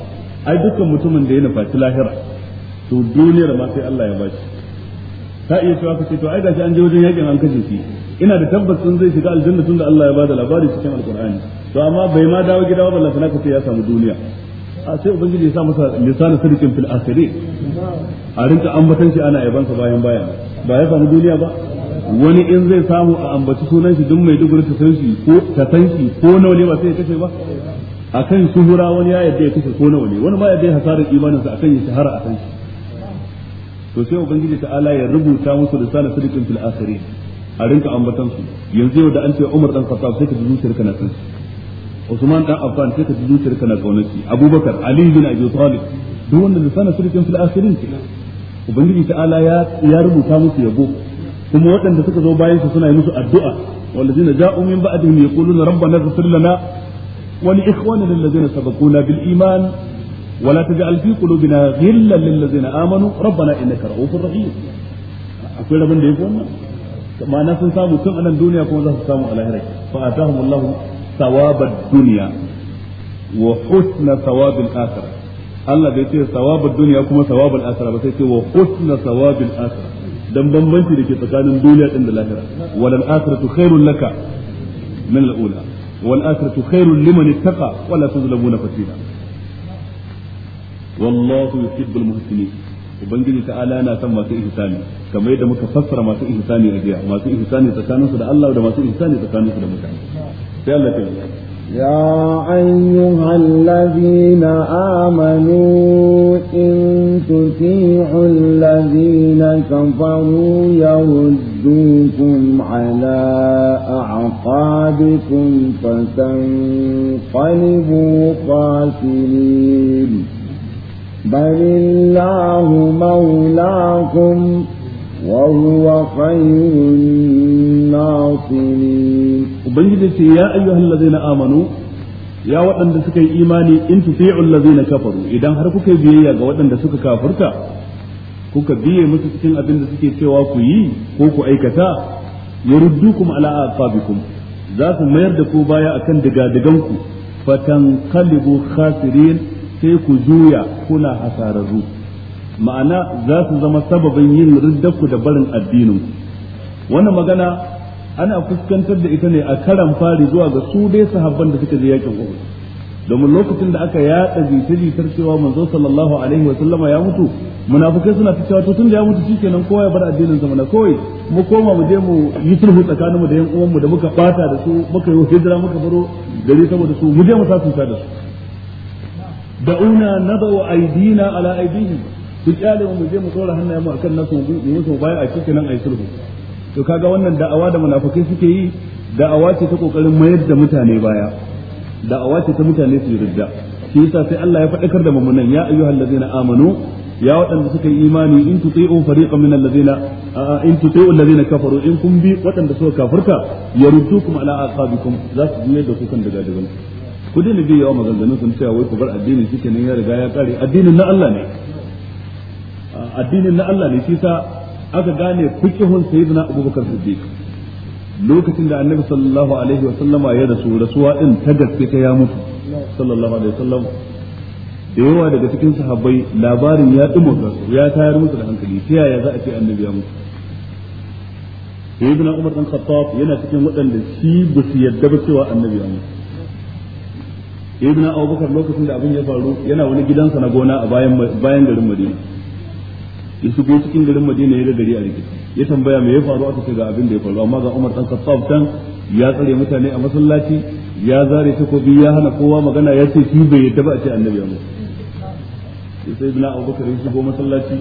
ai dukkan mutumin da ya nufaci lahira to duniyar ma sai Allah ya bashi ta iya cewa kace to ai gashi an je wajen yakin an kashe shi ina da tabbas sun zai shiga aljanna tunda Allah ya bada labari cikin alqur'ani to amma bai ma dawo gida ba ballan sanaka sai ya samu duniya a sai ubangiji ya sa masa lisanin sirrin fil akhirin a rinka ambatan shi ana yabansa bayan bayan ba ya samu duniya ba wani in zai samu a ambaci sunan shi duk mai duguri ta san shi ko ta san shi ko nawa ne ba sai ya kashe ba akan shuhura wani ya yadda ya kashe ko na wani wani ma yadda ya hasarar imaninsa akan ya shahara akan shi to sai ubangiji ta'ala ya rubuta musu da risalar sadiqin fil akhirin a rinka ambatan su yanzu yau da an ce Umar dan Khattab sai ka ji zuciyar kana san shi Usman dan Affan sai ka ji zuciyar kana kaunar shi Abubakar Ali bin Abi Talib duk wannan lisanin sirrin fil akhirin ke ubangiji ta'ala ya ya rubuta musu yabo kuma waɗanda suka zo bayan su suna yi musu addu'a walladina ja'u min ba'dihim yaquluna rabbana ighfir lana wa li ikhwanina alladhina sabaquna bil iman wa la taj'al fi qulubina ghillan lil ladzina amanu rabbana innaka ra'ufur rahim akwai rabin da yake wannan ma'ana sun samu tun anan duniya kuma za su samu alahira fa atahum allah thawabad dunya wa husna thawabil akhirah Allah bai ce thawabad dunya kuma thawabul akhirah ba sai ce wa husna thawabil akhirah dan bambanci da ke tsakanin duniya din da lahira walal akhiratu khairul laka min al ula wal akhiratu khairul liman ittaqa wala tuzlamuna fatila wallahu yuhibbul muhsinin ubangiji ta'ala na san masu ihsani kamar yadda muka fassara masu ihsani a jiya masu ihsani tsakaninsu da Allah da masu ihsani tsakaninsu da mutane sai Allah yi يا أيها الذين آمنوا إن تطيعوا الذين كفروا يردوكم على أعقابكم فتنقلبوا خاسرين بل الله مولاكم وهو خير الناصرين وبنجد يا أيها الذين آمنوا ya waɗanda suka yi imani in tuti'ul ladzina kafaru idan har kuka biyayya ga waɗanda suka kafarta kuka biye musu cikin abin da suke cewa ku yi ko ku aikata yuruddukum ala aqabikum za su mayar da ku baya akan digadigan ku fatanqalibu khasirin sai ku juya kuna hasararru ma'ana za su zama sababin yin riddaku da barin addinin wannan magana ana fuskantar da ita ne a karan fari zuwa ga su dai sahabban da suka je yakin Uhud domin lokacin da aka yada jita-jitar cewa manzo sallallahu alaihi wa sallama ya mutu munafukai suna ta cewa to tun da ya mutu shikenan kowa ya bar addinin sa mana kawai mu koma mu je mu yi sulhu tsakanin mu da yan uwan mu da muka bata da su muka yi hijira muka baro gari saboda su mu je mu sasunta da su da'una nadau aidina ala aidihim ku kyale mu je mu tsora hannayen mu akan nasu mu musu baya a cikin nan ayi sulhu to kaga wannan da'awa da munafikai suke yi da'awa ce ta kokarin mayar da mutane baya da'awa ce ta mutane su yarda shi yasa sai Allah ya faɗakar da mumunan ya ayyuhal ladzina amanu ya waɗanda suka yi imani in tuti'u fariqan min alladzina in tuti'u alladzina kafaru in kun bi waɗanda suka kafirta yaruddukum ala aqabikum za su biye da ku daga daga ku dai ne bi yawa maganganun sun cewa wai ku bar addini shikenan ya riga ya kare addinin na Allah ne addinin na Allah ne shi sa aka gane fiqhun sayyidina Abubakar Siddiq lokacin da Annabi sallallahu alaihi wa sallama ya rasu rasuwa din ta gaske ta ya mutu sallallahu alaihi wa sallam da yawa daga cikin sahabbai labarin ya dumaka ya tayar musu da hankali ta yaya za a ce Annabi ya mutu sayyidina Umar dan Khattab yana cikin waɗanda shi ba su yarda ba cewa Annabi ya mutu ibn abubakar lokacin da abin ya faru yana wani gidansa na gona a bayan bayan garin madina ya shigo cikin garin Madina ya ga gari a rikici ya tambaya me ya faru a ce ga abin da ya faru amma ga Umar dan Khattab ya tsare mutane a masallaci ya zare takobi ya hana kowa magana ya ce shi bai yadda ba a ce annabi amma sai ibn Abubakar ya shigo masallaci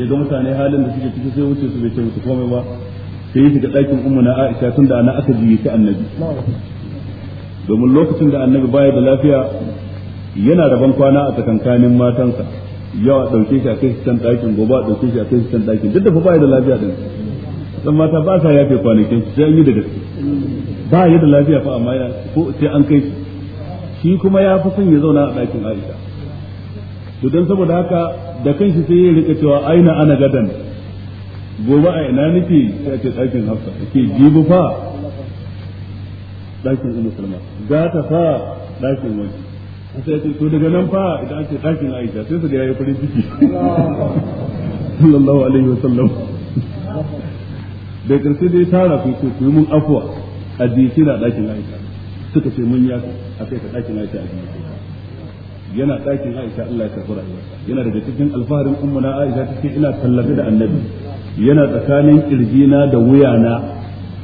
ya ga mutane halin da suke ciki sai wuce su bai ce musu komai ba sai ya shiga ɗakin umma na Aisha tunda ana aka jiye ta annabi domin lokacin da annabi baya da lafiya yana rabon kwana a tsakankanin matansa yawa dauke shi a kai shi can ɗakin gobe a dauke shi a kai shi can ɗakin duk da fa ba da lafiya din dan mata ba sa yafe kwanakin sai an yi da gaske ba yi da lafiya fa amma ko sai an kai shi shi kuma ya fi son ya zauna a ɗakin Aisha to dan saboda haka da kanshi sai ya rika cewa aina ana gadan gobe a ina nake sai a ce ɗakin Hafsa ke jibu fa ɗakin Ummu Salma za ta fa ɗakin wani sai ce to daga nan fa idan ake dakin Aisha sai su ga yayi farin ciki sallallahu alaihi wasallam da karshe dai tara ku ce ku mun afwa a jiki na dakin Aisha suka ce mun yaka a kai ka dakin Aisha a jiki yana dakin Aisha Allah ya karbi rayuwarsa yana daga cikin alfaharin ummu na Aisha take ina tallafi da annabi yana tsakanin kirjina da wuyana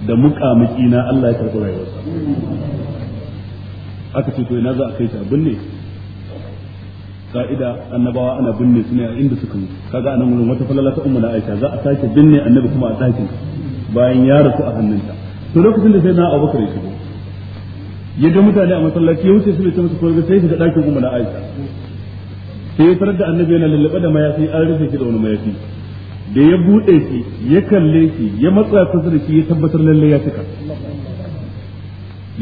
da muƙamuƙina Allah ya karbi rayuwarsa aka ce to ina za a kai a binne ka'ida annabawa ana binne su ne a inda suka mutu kaga anan wurin wata falala ta ummu na Aisha za a sake binne annabi kuma a sake bayan ya rasu a hannunta to lokacin da sai na Abubakar ya shigo ya ga mutane a masallaci ya wuce su bai ta musu kwarga sai shiga ɗakin ummu na Aisha sai ya tarar da annabi yana lallaɓa da mayafi an rufe shi da wani mayafi da ya buɗe shi ya kalle shi ya matsa kusa da shi ya tabbatar lalle ya cika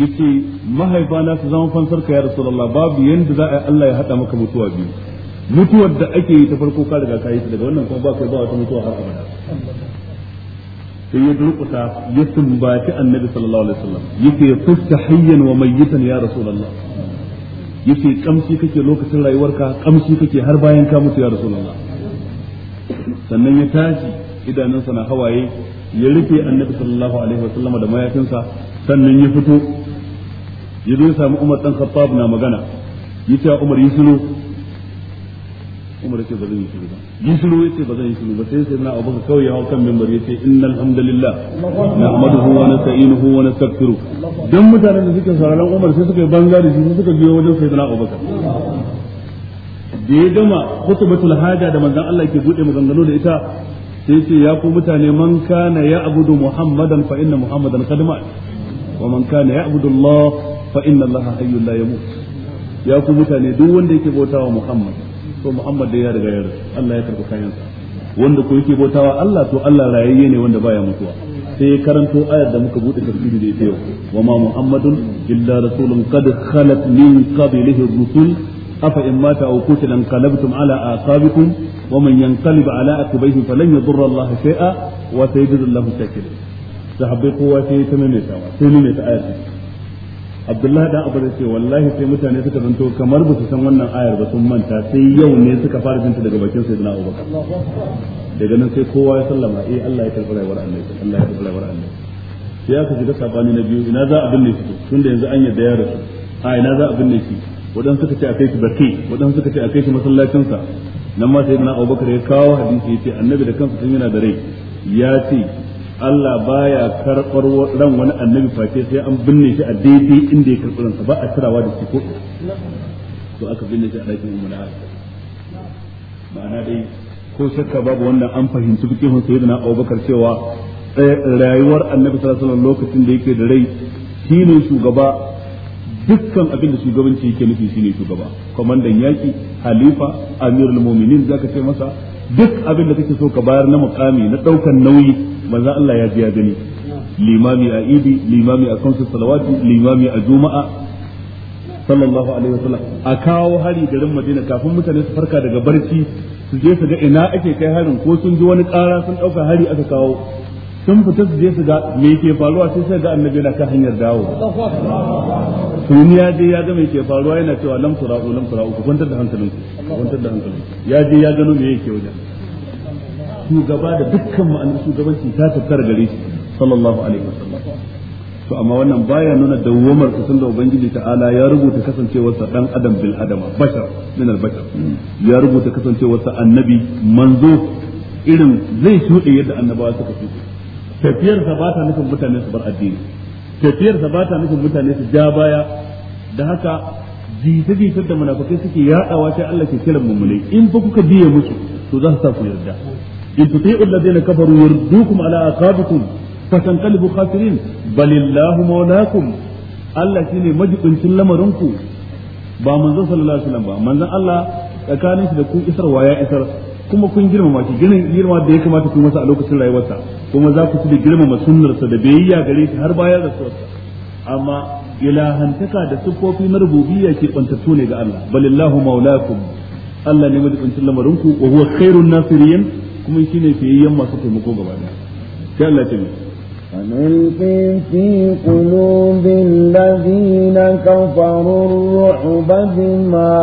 yace mahaifana su zama fansar ka ya rasulullah babu yanda za a Allah ya hada maka mutuwa biyu mutuwar da ake yi ta farko ka riga ka yi daga wannan kuma ba kai ba wata mutuwa har abada sai ya durkusa ya sumbaci annabi sallallahu alaihi wasallam yace fusta hayyan wa mayyitan ya rasulullah yace kamshi kake lokacin rayuwarka kamshi kake har bayan ka mutu ya rasulullah sannan ya tashi idanunsa na hawaye ya rufe annabi sallallahu alaihi wasallam da mayafinsa sannan ya fito ya zo ya sami Umar dan Khattab na magana yace Umar yi sulu Umar yace ba zan yi sulu ba yi sulu yace ba zan yi sulu ba sai sai na Abu kawai ya hawo kan minbar yace innal hamdalillah nahmaduhu wa nasta'inuhu wa nastaghfiruh don mutanen da suke sauraron Umar sai suka yi banza da shi suka biyo wajen sayyidina Abubakar da ya gama kutubatul haja da manzon Allah ke bude maganganu da ita sai ce ya ku mutane man kana ya abudu muhammadan fa inna muhammadan qad wa man kana ya abudu Allah fa inna allaha hayyul la yamut ya ku mutane duk wanda yake bautawa muhammad to muhammad da ya riga ya Allah ya karbi kayansa wanda ko yake bautawa Allah to Allah rayayye ne wanda baya mutuwa sai ya karanto ayar da muka bude tafsiri da ita yau wama muhammadun illa rasulun qad khalat min qablihi rusul afa in mata aw qutila qalabtum ala aqabikum ومن kowa sai ya ta maimaitawa sai maimaita ayar abdullahi da abu ce wallahi sai mutane suka zanto kamar ba su san wannan ayar ba sun manta sai yau ne suka fara jinta daga bakin sayyidina abubakar daga nan sai kowa ya sallama eh Allah ya karɓi rayuwar annabi Allah ya karɓi rayuwar annabi sai aka shiga sabani na biyu ina za a binne shi tunda yanzu an yarda ya rasu a ina za a binne shi wadan suka ce a kai shi bakai wadan suka ce a kai shi masallacin sa nan ma sayyidina abubakar ya kawo hadisi yace annabi da kansa tun yana da rai ya ce Allah baya karɓar ran wani annabi face sai an binne shi a daidai inda ya karɓi ransa ba a tarawa da shi ko to aka binne shi a ɗakin umar ma'ana dai ko shakka babu wannan an fahimci sai sayyidina Abubakar cewa eh, rayuwar annabi sallallahu alaihi lokacin da yake da rai ne shugaba dukkan abin da shugabanci yake nufi shine shugaba kwamandan yaki halifa amirul mu'minin zaka ce masa duk abin da kake so ka bayar na mukami na daukan nauyi manzo Allah ya ji ya gani limami a idi limami a kansu salawati limami a juma'a sallallahu alaihi wasallam a kawo hari garin madina kafin mutane su farka daga barci su je su ga ina ake kai harin ko sun ji wani tsara, sun ɗauka hari aka kawo sun fita su je su ga me ke faruwa sai sai ga annabi na ka hanyar dawo sun ya je ya ga me ke faruwa yana cewa lam tura'u lam tura'u ku kwantar da hankalin ku kwantar da hankalinku ya je ya gano me yake wajen shugaba da dukkan ma'anar shugabanci ta tafkar gare shi sallallahu alaihi wasallam to amma wannan baya nuna dawwamar kusan da ubangiji ta'ala ya rubuta kasancewarsa dan adam bil adama bashar min al bashar ya rubuta kasancewarsa annabi manzo irin zai shuɗe yadda annabawa suka shuɗe tafiyarsa ba ta nufin mutane su bar addini tafiyarsa ba ta nufin mutane su ja baya da haka jita jitar da munafukai suke yadawa sai Allah ke kiran mummunai in ba kuka biye musu to za su sa ku yarda in tuti'u alladhina kafaru yurdukum ala aqabikum fatanqalibu khasirin balillahu mawlakum Allah shine majibincin ku ba manzon sallallahu alaihi wasallam ba manzon Allah tsakanin shi da ku isarwa ya isar kuma kun girmama shi ginin girma da ya kamata ku masa a lokacin rayuwarsa kuma za ku ci da girmama sunnarsa da biyayya gare shi har bayan rasuwarsa amma ilahantaka da sufofi na rububiyya ke kwantattu ne ga Allah balillahu maulakum Allah ne majibincin lamarinku wa huwa khairun nasirin kuma shine fiyayyen masu taimako gaba daya sai Allah ya ونلقي في قلوب الذين كفروا الرعب بما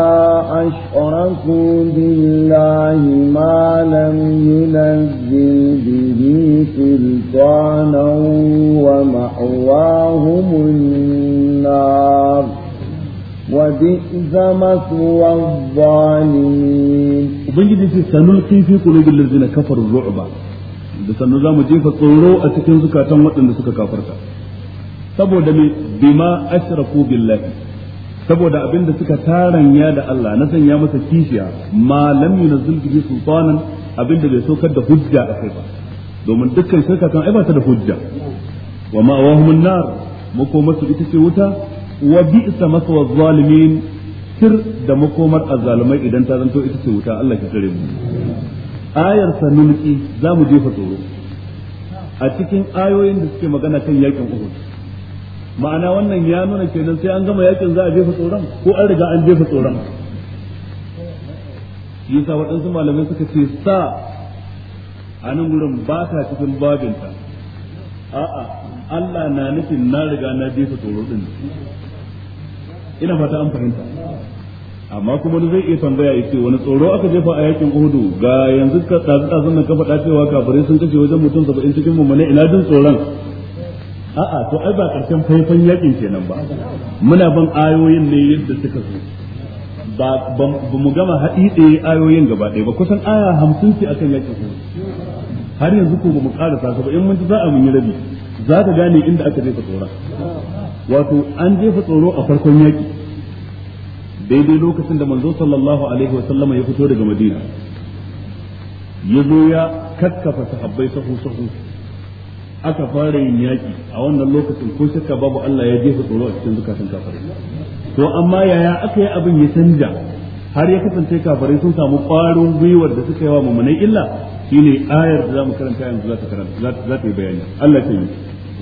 أشركوا بالله ما لم ينزل به سلطانا ومأواهم النار وبئس مثوى الظالمين وبنجد سنلقي في قلوب الذين كفروا الرعب da sannu za mu jefa tsoro a cikin zukatan waɗanda suka kafarta saboda me bima ashraku billahi saboda abin da suka taranya da Allah na sanya masa kishiya ma lam yunzil bihi sultanan abin da bai saukar da hujja a kai ba domin dukkan shirka kan ai ba ta da hujja wa ma wahumun nar makomarsu ita ce wuta wa masa maswa zalimin sir da makomar azzalumai idan ta zanto ita ce wuta Allah ki tare mu ayar sa nulki za mu jefa tsoro a cikin ayoyin da suke magana kan yakin Uhud ma'ana wannan ya nuna kenan sai an gama yakin za a jefa tsoron ko an riga an jefa tsoron yasa waɗansu malamai suka ce sa a nan gurin ba ta cikin babinta a'a Allah na nufin na riga na jefa tsoro din ina fata an fahimta amma kuma da zai iya tambaya ya ce wani tsoro aka jefa a yakin uhudu ga yanzu ka tsazi tsazin nan ka faɗa cewa kafirai sun kashe wajen mutum saba'in cikin mu mana ina jin tsoron a'a to ai ba karshen faifan yakin kenan ba muna ban ayoyin ne yadda suka zo ba mu gama haɗi ɗaya ayoyin gaba ɗaya ba kusan aya hamsin ce akan yakin uhudu har yanzu ko ba mu ƙara ka ba in mun ji za a mun yi rabi za ka gane inda aka jefa tsoron wato an jefa tsoro a farkon yaki daidai lokacin da manzo sallallahu alaihi wa sallama ya fito daga madina ya zo ya kakkafa sahabbai sahu sahu aka fara yin yaki a wannan lokacin ko shakka babu Allah ya jefa tsoro a cikin zukatan kafirai to amma yaya aka yi abin ya canja har ya kasance kafirai sun samu ƙwarin gwiwar da suka yi wa mummunai illa shine ayar da zamu karanta yanzu za ta karanta za ta yi bayani Allah ta yi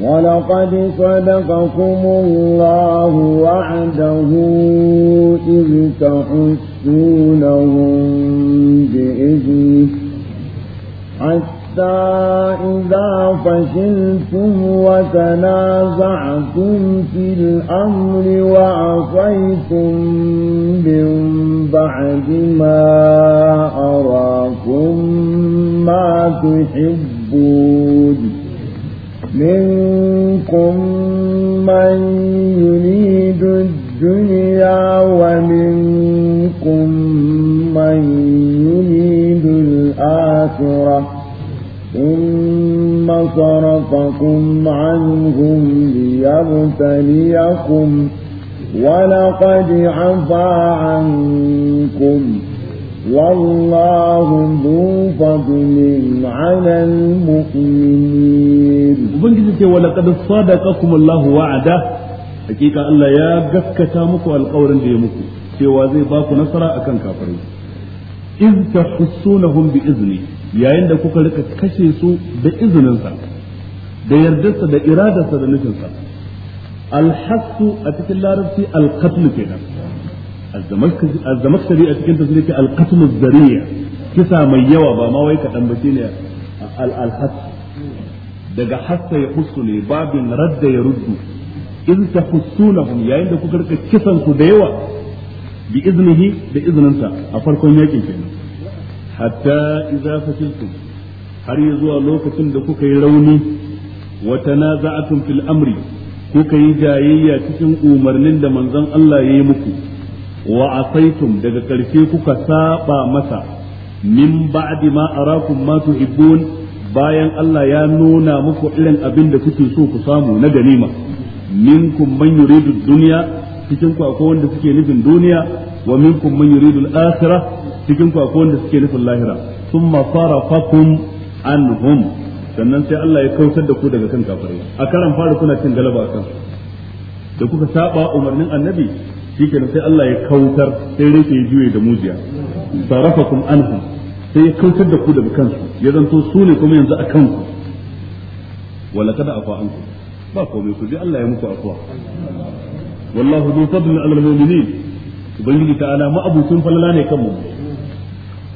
ولقد صدقكم الله وعده إذ تحسونهم بإذنه حتى إذا فشلتم وتنازعتم في الأمر وعصيتم من بعد ما أراكم ما تحبون منكم من يريد الدنيا ومنكم من يريد الآخرة ثم صرفكم عنهم ليبتليكم ولقد عفا عنكم والله ذو فضل على المؤمنين وبنجد ولقد صدقكم الله وعده حقيقة الله يا muku مكو القول دي مكو cewa zai baku nasara akan kafirai iz tahussunahum bi izini, yayin da kuka rika kashe su da izininsa da yardarsa da iradarsa da nufinsa alhassu a cikin larabci alkatlu kenan az-zamakhshari a cikin tafsiri ce al-qatl kisa mai yawa ba ma wai kadan ba shine al-hadd daga hassa ya husu ne babin radda ya ruddu in tahussunahum yayin da kuka rika kisan da yawa bi iznihi da izninsa a farkon yakin kenan hatta idza fasiltum har ya zuwa lokacin da kuka yi rauni wa tanaza'atum fil amri kuka yi jayayya cikin umarnin da manzon Allah ya yi muku wa asaitum daga karshe kuka saba masa min ba'di ma arakum ma tuhibbun bayan Allah ya nuna muku irin abin da kuke so ku samu na ganima minkum man yuridu dunya cikin ku akwai wanda suke nufin duniya wa minkum man yuridu al-akhirah cikin ku akwai wanda suke nufin lahira thumma farafakum anhum sannan sai Allah ya kautar da ku daga kan kafirai a karan fara kuna cin galaba kan da kuka saba umarnin annabi shikenan sai Allah ya kautar sai rinsa ya juye da mujiya sarafakum anhum sai ya kautar da ku daga kansu ya zanto su ne kuma yanzu a kanku wala kada afa anku ba komai ku ji Allah ya muku afwa wallahu dhu fadlin 'alal mu'minin ubangiji ta'ala ma abucin falala ne kan mu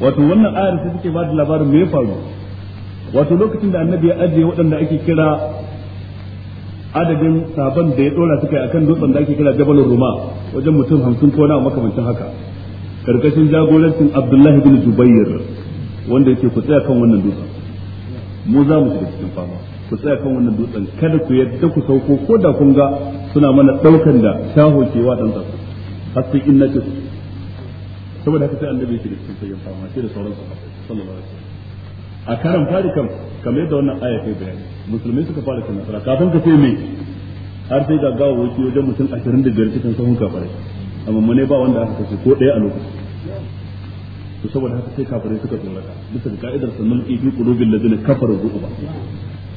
wato wannan ayar sai take ba da labarin me ya faru wato lokacin da annabi ya ajiye waɗanda ake kira adadin sabon da ya dora suka yi akan dutsen da ake kira Jabal ruma wajen mutum hamsin ko na makamancin haka karkashin jagorancin abdullahi bin jubayyar wanda yake ku tsaya kan wannan dutsen mu za mu shiga cikin fama ku tsaya kan wannan dutsen kada ku yadda ku sauko ko da kun ga suna mana daukan da shaho kewa dan tsako har sai in nace saboda haka sai annabi yake cikin fama sai da sauransu sallallahu alaihi wasallam a karan farikan. kamar da wannan aya kai bayani musulmai suka fara cin nasara kafin ka sai mai har sai ga gawo waki wajen mutum biyar cikin sahun kafare. amma mune ba wanda aka kashe ko ɗaya a lokacin to saboda haka sai kafare suka tsorata bisa ga ka'idar sannan fi qulubil kafar zuwa ba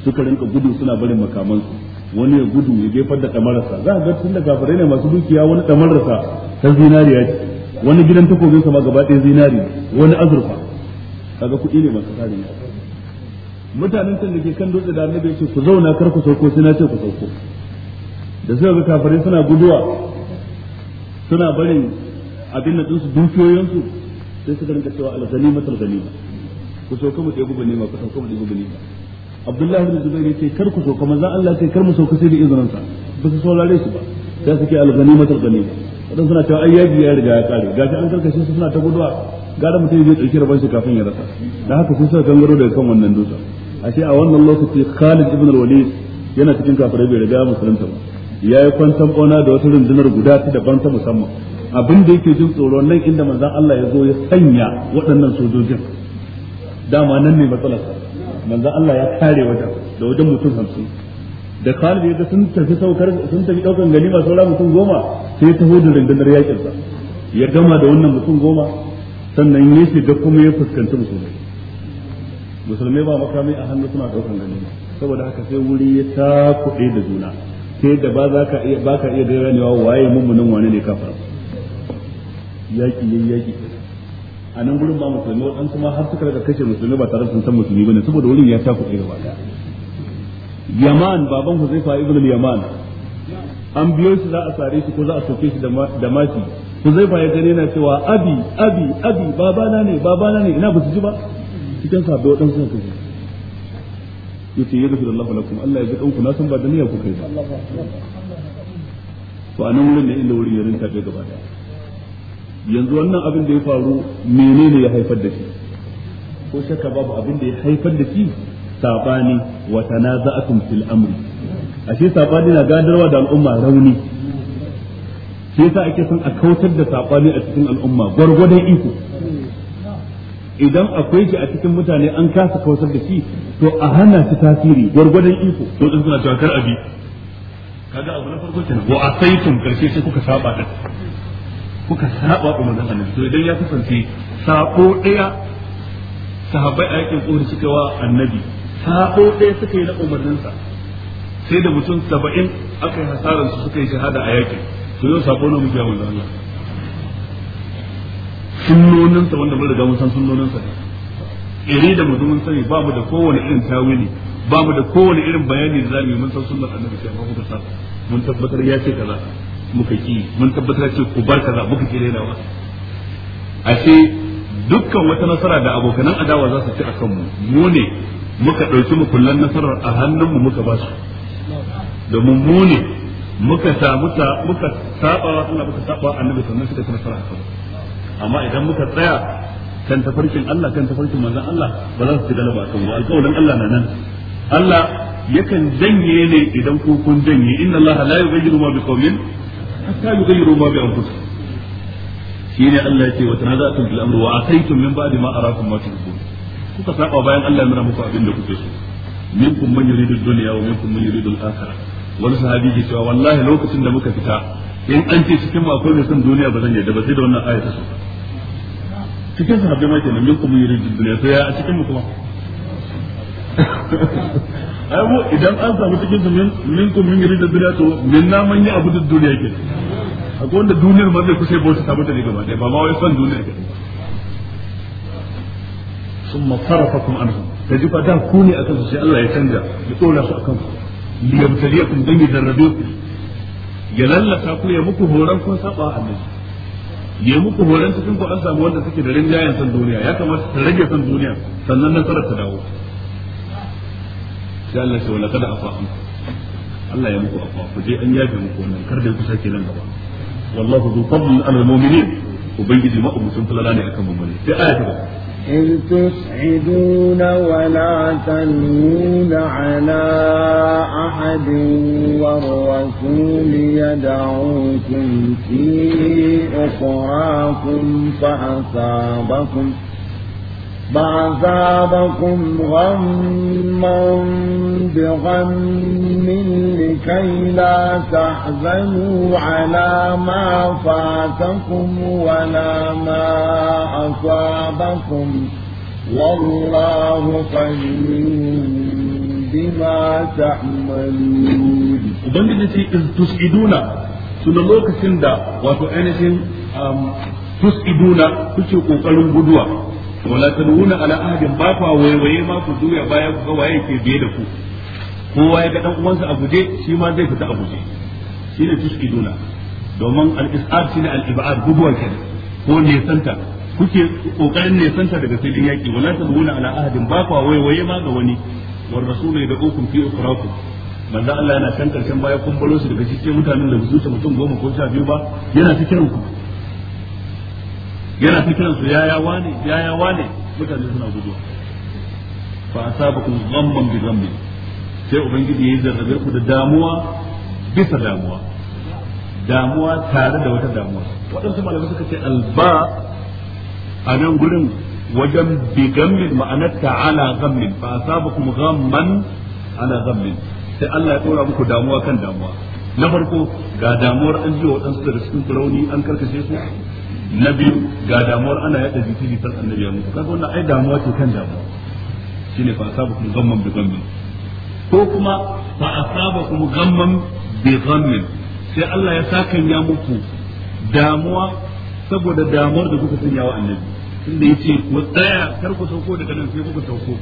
suka rinka gudu suna barin makamansu wani ya gudu ya jefar da damararsa za a ga tun da kafare ne masu dukiya wani damararsa ta zinariya ce wani gidan takobinsa ma gaba ɗaya zinari wani azurfa kaga kuɗi ne masu tarin mutanen can da ke kan dutse da annabi ya ce ku zauna kar ku sauko sai na ce ku sauko da suka ga kafirai suna guduwa suna barin abin da su dukiyoyinsu sai suka rinka cewa al-ghanima al-ghanima ku sauko mu dai gubani ma ku sauko mu dai gubani ma Abdullahi bin Zubair yace kar ku sauko manzo Allah sai kar mu sauko sai da izinin sa ba su saurare su ba sai suke al-ghanima al-ghanima wadan suna cewa ayyabi ya riga ya kare gashi an karkashe su suna ta guduwa gara mutum zai dauki rabon shi kafin ya rasa da haka sun suka gangaro daga kan wannan dutsen ashe a wannan lokaci Khalid ibn al-Walid yana cikin kafirai bai riga musulunta ba yayi kwantan kona da wata rundunar guda ta daban ta musamman abin da yake jin tsoro nan inda manzon Allah ya zo ya sanya waɗannan sojojin dama nan ne matsalar manzon Allah ya kare wajen da wajen mutum hamsin da Khalid ya ga sun tafi saukar sun tafi daukan ba saura mutum goma sai ya taho da rundunar yakin sa ya gama da wannan mutum goma sannan ya shiga kuma ya fuskanci musulmai musulmai ba makami a hannu suna daukan gani saboda haka sai wuri ya ta kuɗe da juna sai da ba za ka iya ba ka iya ganewa waye mummunin wane ne kafar yaki yayi yaki a nan gurin ba musulmi waɗansu kuma har suka daga kashe musulmi ba tare da sun san musulmi bane saboda wurin ya ta kuɗe da wata. yaman baban huzaifa ibnu yaman an biyo shi za a sare shi ko za a soke shi da mashi huzaifa ya gane na cewa abi abi abi babana ne babana ne ina ba su ji ba cikin sahabbai waɗansu sun kashe yace ya da Allah lakum Allah ya zakan ku na san ba da niyya ku kai ba to a nan wurin ne inda wurin yarin ta kai gaba da yanzu wannan abin da ya faru menene ya haifar da shi ko shakka babu abin da ya haifar da shi sabani wa tanaza'atum fil amri ashe sabani na gadarwa da al'umma rauni shi yasa ake son a kautar da sabani a cikin al'umma gwargwadon iko idan akwai shi a cikin mutane an kasa kawatar da shi to a hana shi tasiri gwargwadon iko to din suna cewa kar abi kaga abu na farko kenan wa asaitum karshe sai kuka saba da kuka saba umarnin annabi to idan ya kasance sako daya sahabbai a yakin tsohon suka wa annabi sako daya suka yi na umarninsa sai da mutum saba'in aka yi hasarar su suka yi shahada a yakin to yau sako na muke yawon Allah sunnoninsa wanda mun riga mun san sunnoninsa ne iri da mu mun sani ba mu da kowane irin tawili ba mu da kowane irin bayani da zamu yi mun san sunnar annabi sai mun sa mun tabbatar ya ce kaza muka ki mun tabbatar ce ku bar kaza muka ki a ce dukkan wata nasara da abokan adawa za su ci akan mu mu ne muka mu kullan nasarar a hannunmu muka ba su domin mu ne muka samu ta muka saba wa Allah muka saba annabi sallallahu alaihi wasallam amma idan muka tsaya kan tafarkin Allah kan tafarkin manzon Allah ba za su ci galaba kan ba alƙawarin Allah na nan Allah yakan janye ne idan ku kun janye inna Allah la yughayyiru ma biqawmin hatta yughayyiru ma bi anfusihim shine Allah yake wa tanaza'tum bil amri wa ataytum min ba'di ma arakum ma tuhibbun kuka saba bayan Allah ya nuna muku abin da kuke so minkum man yuridu dunya wa minkum man yuridu al-akhirah wani sahabi ke cewa wallahi lokacin da muka fita in an ce cikin akwai ne son duniya ba zan yarda ba sai da wannan ayatu cikin su haɗe mai nan minkum yuri duniya sai ya a cikin mu kuma ai mu idan an samu cikin su min minkum yuri duniya to min na man yi abu da duniya ke akwai wanda duniyar ba zai kusa bauta sabunta ne gaba ɗaya ba ma wai son duniya ke sun matsara fakon anhu da ji fata ku ne a kansu sai Allah ya canja ya tsora su a kansu liyar taliyar kun dangi zarrabe ku ya lallata ku ya muku horon kun saba a annabi yi muku horon cikin ku an samu wanda suke da rinjayen san duniya ya kamata ta rage san duniya sannan nasarar ta dawo sai Allah ce wala kada afafu Allah ya muku afa ku je an yafe muku wannan kar da ku sake nan gaba wallahu zu fadlin al mu'minin ubangiji ma umutun fulala ne akan mu'mini sai aya ta إذ تسعدون ولا تلوون على أحد والرسول يدعوكم في أخراكم فأصابكم فأصابكم غما بغم لكي لا تحزنوا على ما فاتكم ولا ما أصابكم والله قدير bima ta'malun ubangiji lokacin da wato ainihin um, tusiduna kuke guduwa wala tanuna ala ahadin ba fa waiwaye ma ku juya bayan ku ga waye ke biye da ku kowa ya ga dan uwansa a guje shi ma zai fita a guje shine duna domin al-is'ab shine al-ib'ad guduwa kenan ko ne santa kuke kokarin ne santa daga sai din yaki wala tanuna ala ahadin ba fa waiwaye ma ga wani war rasulu yad'ukum fi ukrakum manzo Allah yana kan karshen bayan kun balo su daga cikin mutanen da su mutum goma ko sha biyu ba yana cikin ku yana ta kiran su yaya wane yaya wane mutane suna guduwa fa kun ghamman bi ghammin sai ubangiji yayi zarrabe ku da damuwa bisa damuwa damuwa tare da wata damuwa waɗansu malamai suka ce alba a nan gurin wajen bi gammin ghammin ma'anarta ala ghammin saba asabakum ghamman ana gammin sai Allah ya ɗora muku damuwa kan damuwa na farko ga damuwar an ji waɗansu daga cikin rauni an karkashe su na biyu ga damuwar ana yada jiki jitar annabi ya mutu kaga wannan ai damuwa ce kan damuwa shine fa asaba kuma gamman bi gammin ko kuma fa asaba kuma gamman bi gammin sai Allah ya sakan ya muku damuwa saboda damuwar da kuka sanya wa annabi tunda yace ku tsaya kar ku sauko daga nan sai kuka sauko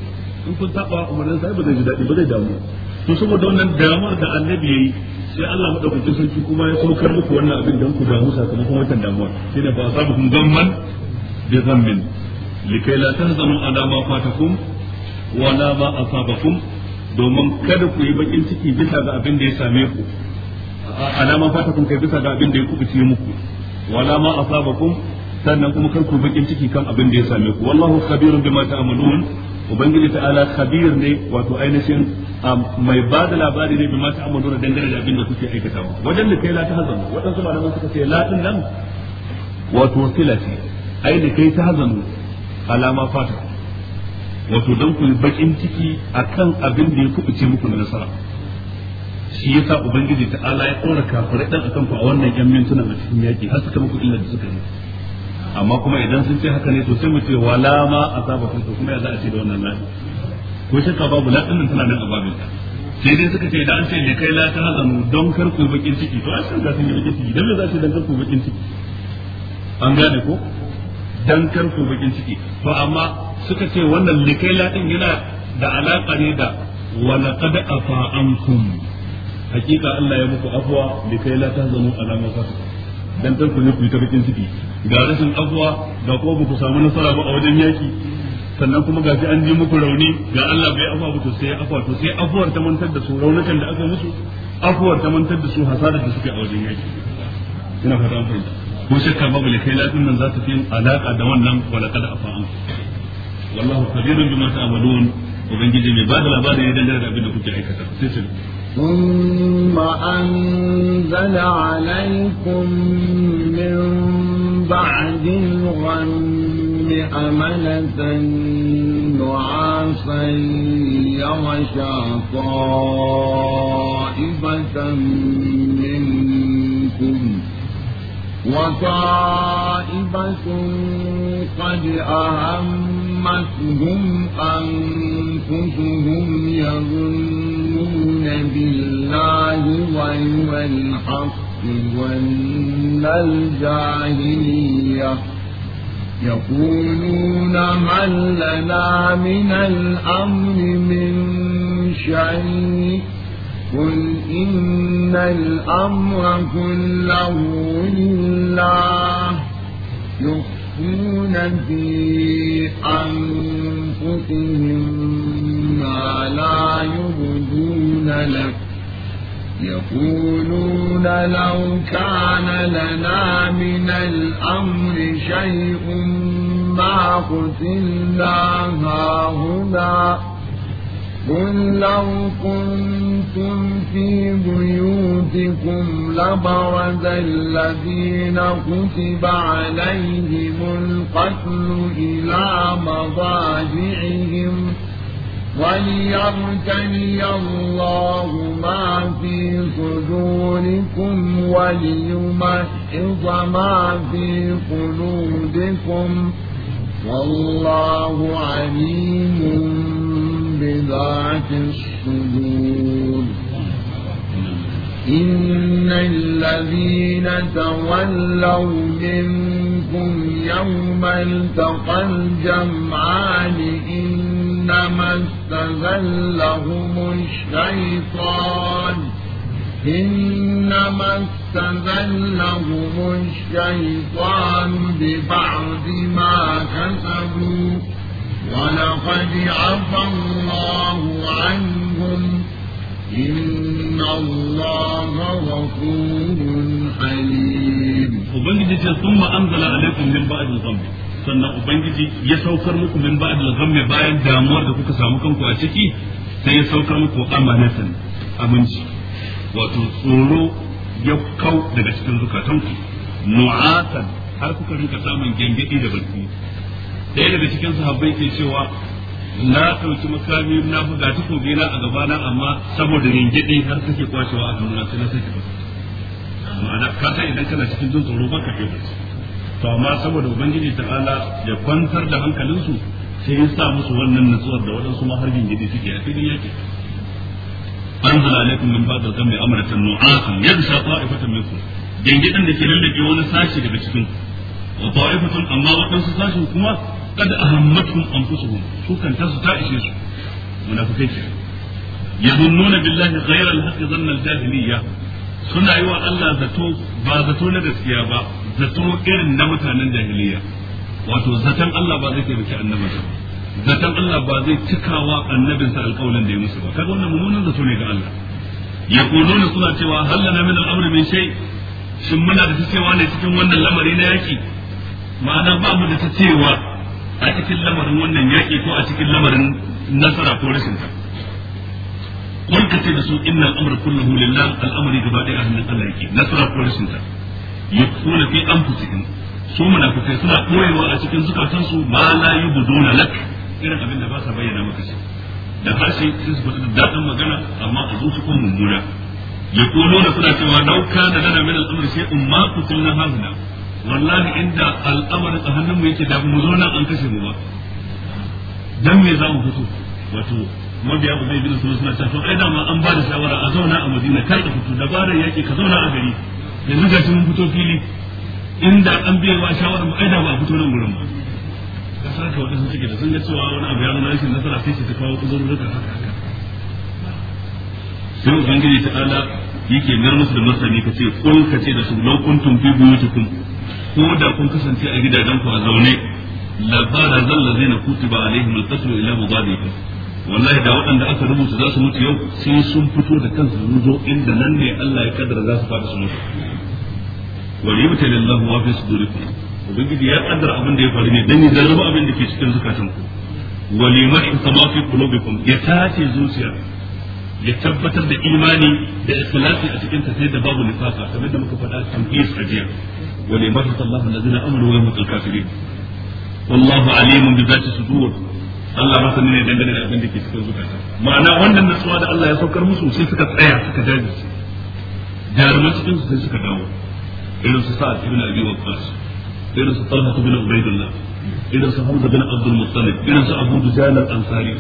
in kun saba umarnin sai ba zai ji dadi ba zai damu to saboda wannan damar da annabi yayi sai Allah madaukakin sarki kuma ya saukar muku wannan abin da ku damu sakamakon wannan damuwa sai da ba sabu kun gamman bi zammin likai la tahzanu ala ma fatakum wa la ma asabakum domin kada ku yi bakin ciki bisa ga abin da ya same ku alama fata kun kai bisa ga abin da ya kubuce muku wala ma asabakum sannan kuma kar ku bakin ciki kan abin da ya same ku wallahu khabirun bima ta'malun ubangiji ta'ala khabir ne wato ainihin mai ba da labari ne bi ma ta'amalu da dangane da abin da suke aikata aikatawa wajen da kai lati hazanu waɗansu malamai suka ce latin nan wato silati ai da kai ta hazanu alama fata wato dan ku bakin ciki akan abin da ya ce muku na nasara shi yasa ubangiji ta ala ya tsora kafirai dan akan ku a wannan yan mintunan a cikin yaki har suka muku illa da suka yi amma kuma idan sun ce haka ne to sai mu ce wala ma asaba kuma ya za a ce da wannan lafiya ko shakka babu la din tana nan a babin ta sai dai suka ce da an ce ne kai la ta hazanu don kar ku bakin ciki to an san sun yi bakin ciki dan me za su dan kar ku bakin ciki an gane ko dan kar ku bakin ciki to amma suka ce wannan likai la din yana da alaka ne da wa laqad afa ankum hakika Allah ya muku afwa likai ta hazanu alama ka dan kar ku ne ku ta bakin ciki ga rashin afwa da ko ba ku samu nasara ba a wajen yaki sannan kuma gashi an ji muku rauni ga Allah bai afa muku sai afa to sai afuwar ta mantar da su raunukan da aka musu afuwar ta mantar da su hasarar da suke a wajen yaki ina fata an fahimta ko shakka babu ne kai lafin nan za ta fi alaka da wannan wala kada afa an wallahu kabirun bima ta'malun ubangiji mai bada labarin ne dangane da abin da kuke aikata sai sai ثم أنزل عليكم من بعد الغم حملة نعاسا يغشى طائفة منكم وطائفة قد أهمتهم أنفسهم يظنون بالله غير الحق الجاهليه يقولون من لنا من الأمر من شيء قل إن الأمر كله لله يخفون في أنفسهم ما لا يبدون لك يقولون لو كان لنا من الأمر شيء ما قتلنا هاهنا قل لو كنتم في بيوتكم لبرز الذين كتب عليهم القتل إلى مضاجعهم ۖ وليرتني الله ما في صدوركم وليمحض ما في قلوبكم والله عليم بذات الصدور إن الذين تولوا منكم يوم التقى الجمعان إن إنما استزلهم الشيطان إنما استزلهم الشيطان ببعض ما كسبوا ولقد عفى الله عنهم إن الله غفور حليم وبنجد ثم أنزل عليكم من بعد الذنب sannan ubangiji ya saukar muku min ba'd al-ghammi bayan damuwar da kuka samu kanku a ciki sai ya saukar muku amanatan aminci wato tsoro ya kau daga cikin zukatanku nu'atan har kuka rinka samun gengedi da barci ɗaya daga cikin sahabbai ke cewa na ɗauki makami na buga takobi na a gabana amma saboda gengedi har kake kwashewa a hannuna sai na sake ma'ana ka san idan kana cikin jin tsoro ba ka ke barci to amma saboda ubangiji ta'ala ya kwantar da hankalinsu sai ya sa musu wannan nutsuwar da waɗansu ma har gingidi suke a filin yake anzala alaikum min ba'd al-ghammi amratan nu'asan yaghsha ta'ifatan minkum gingidan da ke lallabe wani sashi daga cikin wa ta'ifatun amma waɗansu sashin kuma kad ahammatuhum anfusuhum su kan tasu ta ishe su munafikai ke yazunnuna billahi ghayra al-haqqi dhanna al-jahiliyya suna yi wa Allah zato ba zato na gaskiya ba zato irin na mutanen jahiliya wato zaton Allah ba zai taimaki annabinsa zaton Allah ba zai cikawa annabinsa alƙawalin da ya musu ba kaga wannan mummunan zato ne ga Allah Ya ne suna cewa hal min al'amri min shay shin muna da cewa ne cikin wannan lamari na yaki ma'ana ba mu da ta cewa a cikin lamarin wannan yaki ko a cikin lamarin nasara ko rashin ta kun ce da su innal amru kulluhu lillah al'amri amri gaba da hannun Allah yake nasara ko rashin ta yakhuna fi anfusihim su munafikai suna koyewa a cikin zukatansu ma la yubduna lak irin abin da ba sa bayyana maka shi da harshe sai su da daɗin magana amma a zuci ko mummuna yaquluna suna cewa law kana lana min al-amri shay'un ma qutilna hazna wallahi inda al'amarin a hannun mu yake da mu zo nan an kashe mu ba dan me za mu fito wato mabiya ubay bin sulu suna cewa ai da ma an ba da shawara a zauna a Madina kar ka fito da dabarar yake ka zauna a gari yanzu ga mun fito fili inda an biya wa shawarar mu aida ba a fito nan gurin ba ka saka wata sun cike da sun ga cewa wani abu ya nuna rashin nasara sai su ta kawo uzurruka haka haka sai ubangiji ta ala yake mayar musu da masani ka ce kun ka ce da su lau kuntum fi buyutikum ko da kun kasance a gidajen ku a zaune labara zalla zalla na kutuba alaihim alqatl ila mubadi wallahi da waɗanda aka rubuta za su mutu yau sai sun fito da kansu sun zo inda nan ne Allah ya kaddara za su fada su mutu wa yubtali Allahu wa fi sudurikum ubangiji ya kaddara abin da ya faru ne dan ya jarraba abin da ke cikin zukatan ku wa limahi sama fi qulubikum ya tace zuciya ya tabbatar da imani da ikhlasi a cikin ta sai da babu nifasa kamar da muka faɗa tamhis a jiya wa limahi Allahu allazina amanu wa yahmul kafirin wallahu alimun bi dhati sudur Allah masani ne dangane da abin da ke cikin zukata ma'ana wannan nasuwa da Allah ya saukar musu sai suka tsaya suka jajirce jaruman cikin su sai suka dawo irin su sa'ad ibn abi waqqas irin su talha ibn ubaydullah irin su hamza bin abdul muttalib irin su abu dujal al-ansari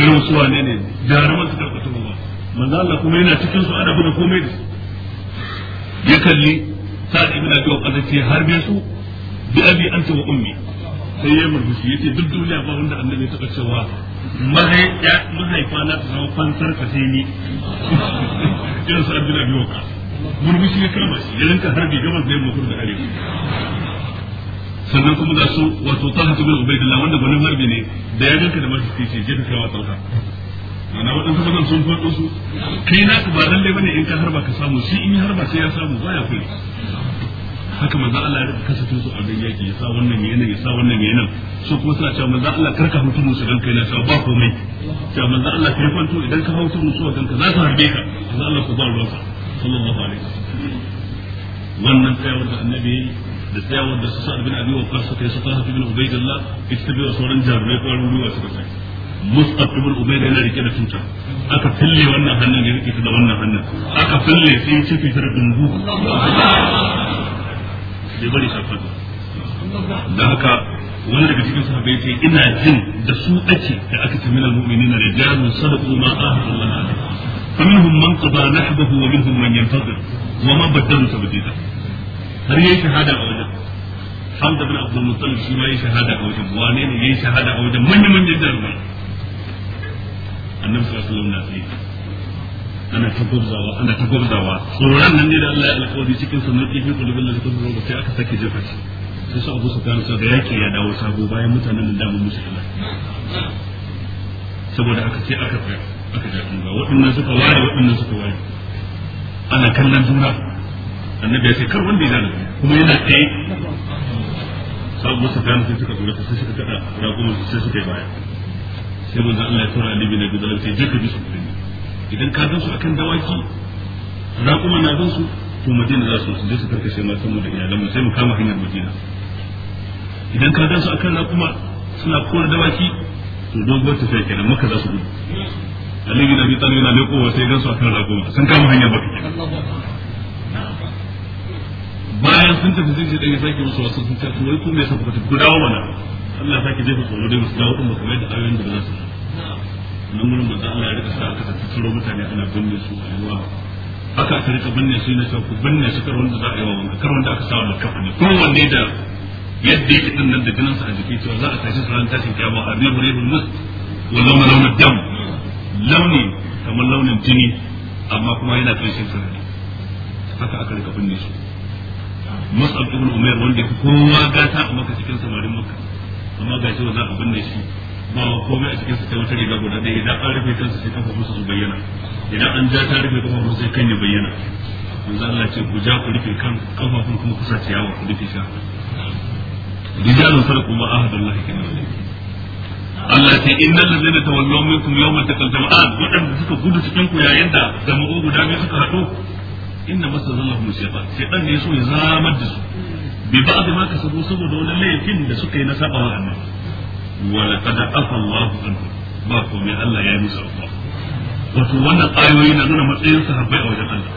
irin su wane ne jaruman su karɓi tuba manzo Allah kuma yana cikin su adabu da komai da su ya kalli sa'ad ibn abi waqqas ya harbe su bi abi anta wa ummi sai ya murmushi yace duk duniya ba wanda annabi ya cewa mahaifa na ta zama fansar ka sai ni irin sa abin abi waka murmushi ya kama shi ya rinka harbi gabas zai yamma da arewa sannan kuma ga su wato talha bin ubaidillah wanda gwanin harbi ne da ya ganka da mafi ce je ka kawo talha ana waɗansu mazan sun faɗo su kai na ba lallai bane in ka harba ka samu shi in harba sai ya samu baya kuri haka manzo Allah ya rika kasafin su a duniya ya sa wannan ya ya sa wannan ya yayin su kuma suna cewa manzo Allah karka hutu musu ganka yana cewa ba komai cewa manzo Allah kai kwanto idan ka hutu musu ganka za ka harbe ka manzo Allah ku ba ruwanka sallallahu alaihi wannan tsayawar da annabi da tsayawar da su sa'ad bin abi waqas suka yi su tahafi bin ubaydillah ita biyo sauran jami'ai kwarin ruwa suka sai mus'ab ibn ubayda yana rike da tuta aka fille wannan hannun ya rike da wannan hannun aka fille sai ya ce fitar dungu bai bari shafar da haka wani daga cikin bai sai ina jin da su ake da aka ce min almu'minina rijalun sadaqu ma na alaihi فمنهم من قضى نحبه ومنهم من ينتظر وما بدلوا تبديلا har yayi shahada a wajen hamza bin abdul mutalib shi ma yayi shahada a wajen wane ne yayi shahada a wajen manyan manyan jarumai annabi sallallahu alaihi wasallam ana ta gubzawa ana ta a tsoron nan ne da Allah ya alƙawari cikin kulubin da sai aka sake jefa shi sai su abu su sa da ya dawo sabo bayan mutanen da musu saboda aka ce aka aka waɗannan suka ware waɗannan suka ware ana kallon juna annabi ya ce kar wanda kuma yana sabu su sai suka sai suka sai suka yi baya sai Allah ya tura na sai idan ka gan su akan dawaki kuma na gan su to madina za su su je su karkashe matan mu da iyalan mu sai mu kama hanyar madina idan ka gan su akan kuma suna kowar dawaki to dogon tafiya kenan maka za su gudu Ali bin Abi Talib yana wasu sai gan su akan raƙuma sun kama hanyar baka kenan bayan sun tafi sun ce dan ya sake musu wasu sun tafi wai kuma ya saka ku dawo mana Allah ya sake jefa tsoro dai musu dawo din ba kamar da ayoyin da za su nan gurin manzo Allah ya rika sa aka ta tsoro mutane ana binne su a yawa haka aka rika binne su ne ku binne su kar wanda za a yi wa wanda kar wanda aka sa maka ne kowanne da yadda yake din nan da jinin sa a jiki cewa za a tashi su ran tashin kiyama a rihul rihul mus wa launa launa dam launi kamar launin jini amma kuma yana kanshin sarari haka aka rika binne su Mus'ab ibn Umair wanda kowa gata a maka cikin samarin maka amma ga shi wannan abin da shi ba komai a cikin su sai wata riga guda ɗaya idan an rufe kansu sai kafa su bayyana idan an ja ta rufe kafa sai kan ya bayyana za Allah ce ku ja ku rufe kan kun kuma kusa yawa ku rufe shi rijalun sarqu ma ahadullah kana Allah ce innal ladina tawallaw minkum yawma taqal jama'an ah, wadanda suka gudu cikin ku yayin da jama'u guda biyu suka hado inna masazallahum shaytan shaytan ne so ya zama da su bi ba'd ma kasabu saboda wani laifin da suka yi na sabawa annabi wa laqad afa Allahu anhu ba ko mai Allah ya yi musu wato wannan ayoyi na nuna matsayin sahabbai a wajen Allah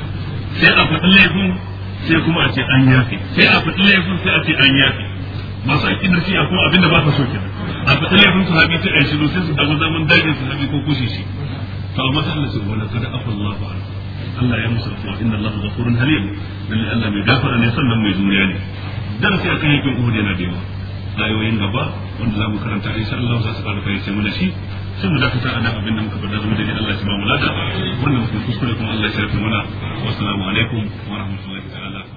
sai a faɗi laifin sai kuma a ce an yafi sai a faɗi laifin sai a ce an yafi masu da shi akwai abin da ba ka so kenan a faɗi laifin sahabi sai a yi shiru sai su dago zaman dajin sahabi ko kushe shi to amma ta Allah sai wala kada afa Allahu anhu Allah ya musa afuwa inna Allah ghafurun halim lalle Allah mai gafara ne sannan mai juriya ne dan sai akan yakin Uhud yana da yawa ayoyin gaba wanda za mu karanta insha Allah za su fara fayyace mu da shi sai mu dakata a nan abin da muka faɗa zama daidai Allah shi ba mu lada wanda muka kuskure kuma Allah shi rafi mana wassalamu alaikum wa rahmatullahi ta'ala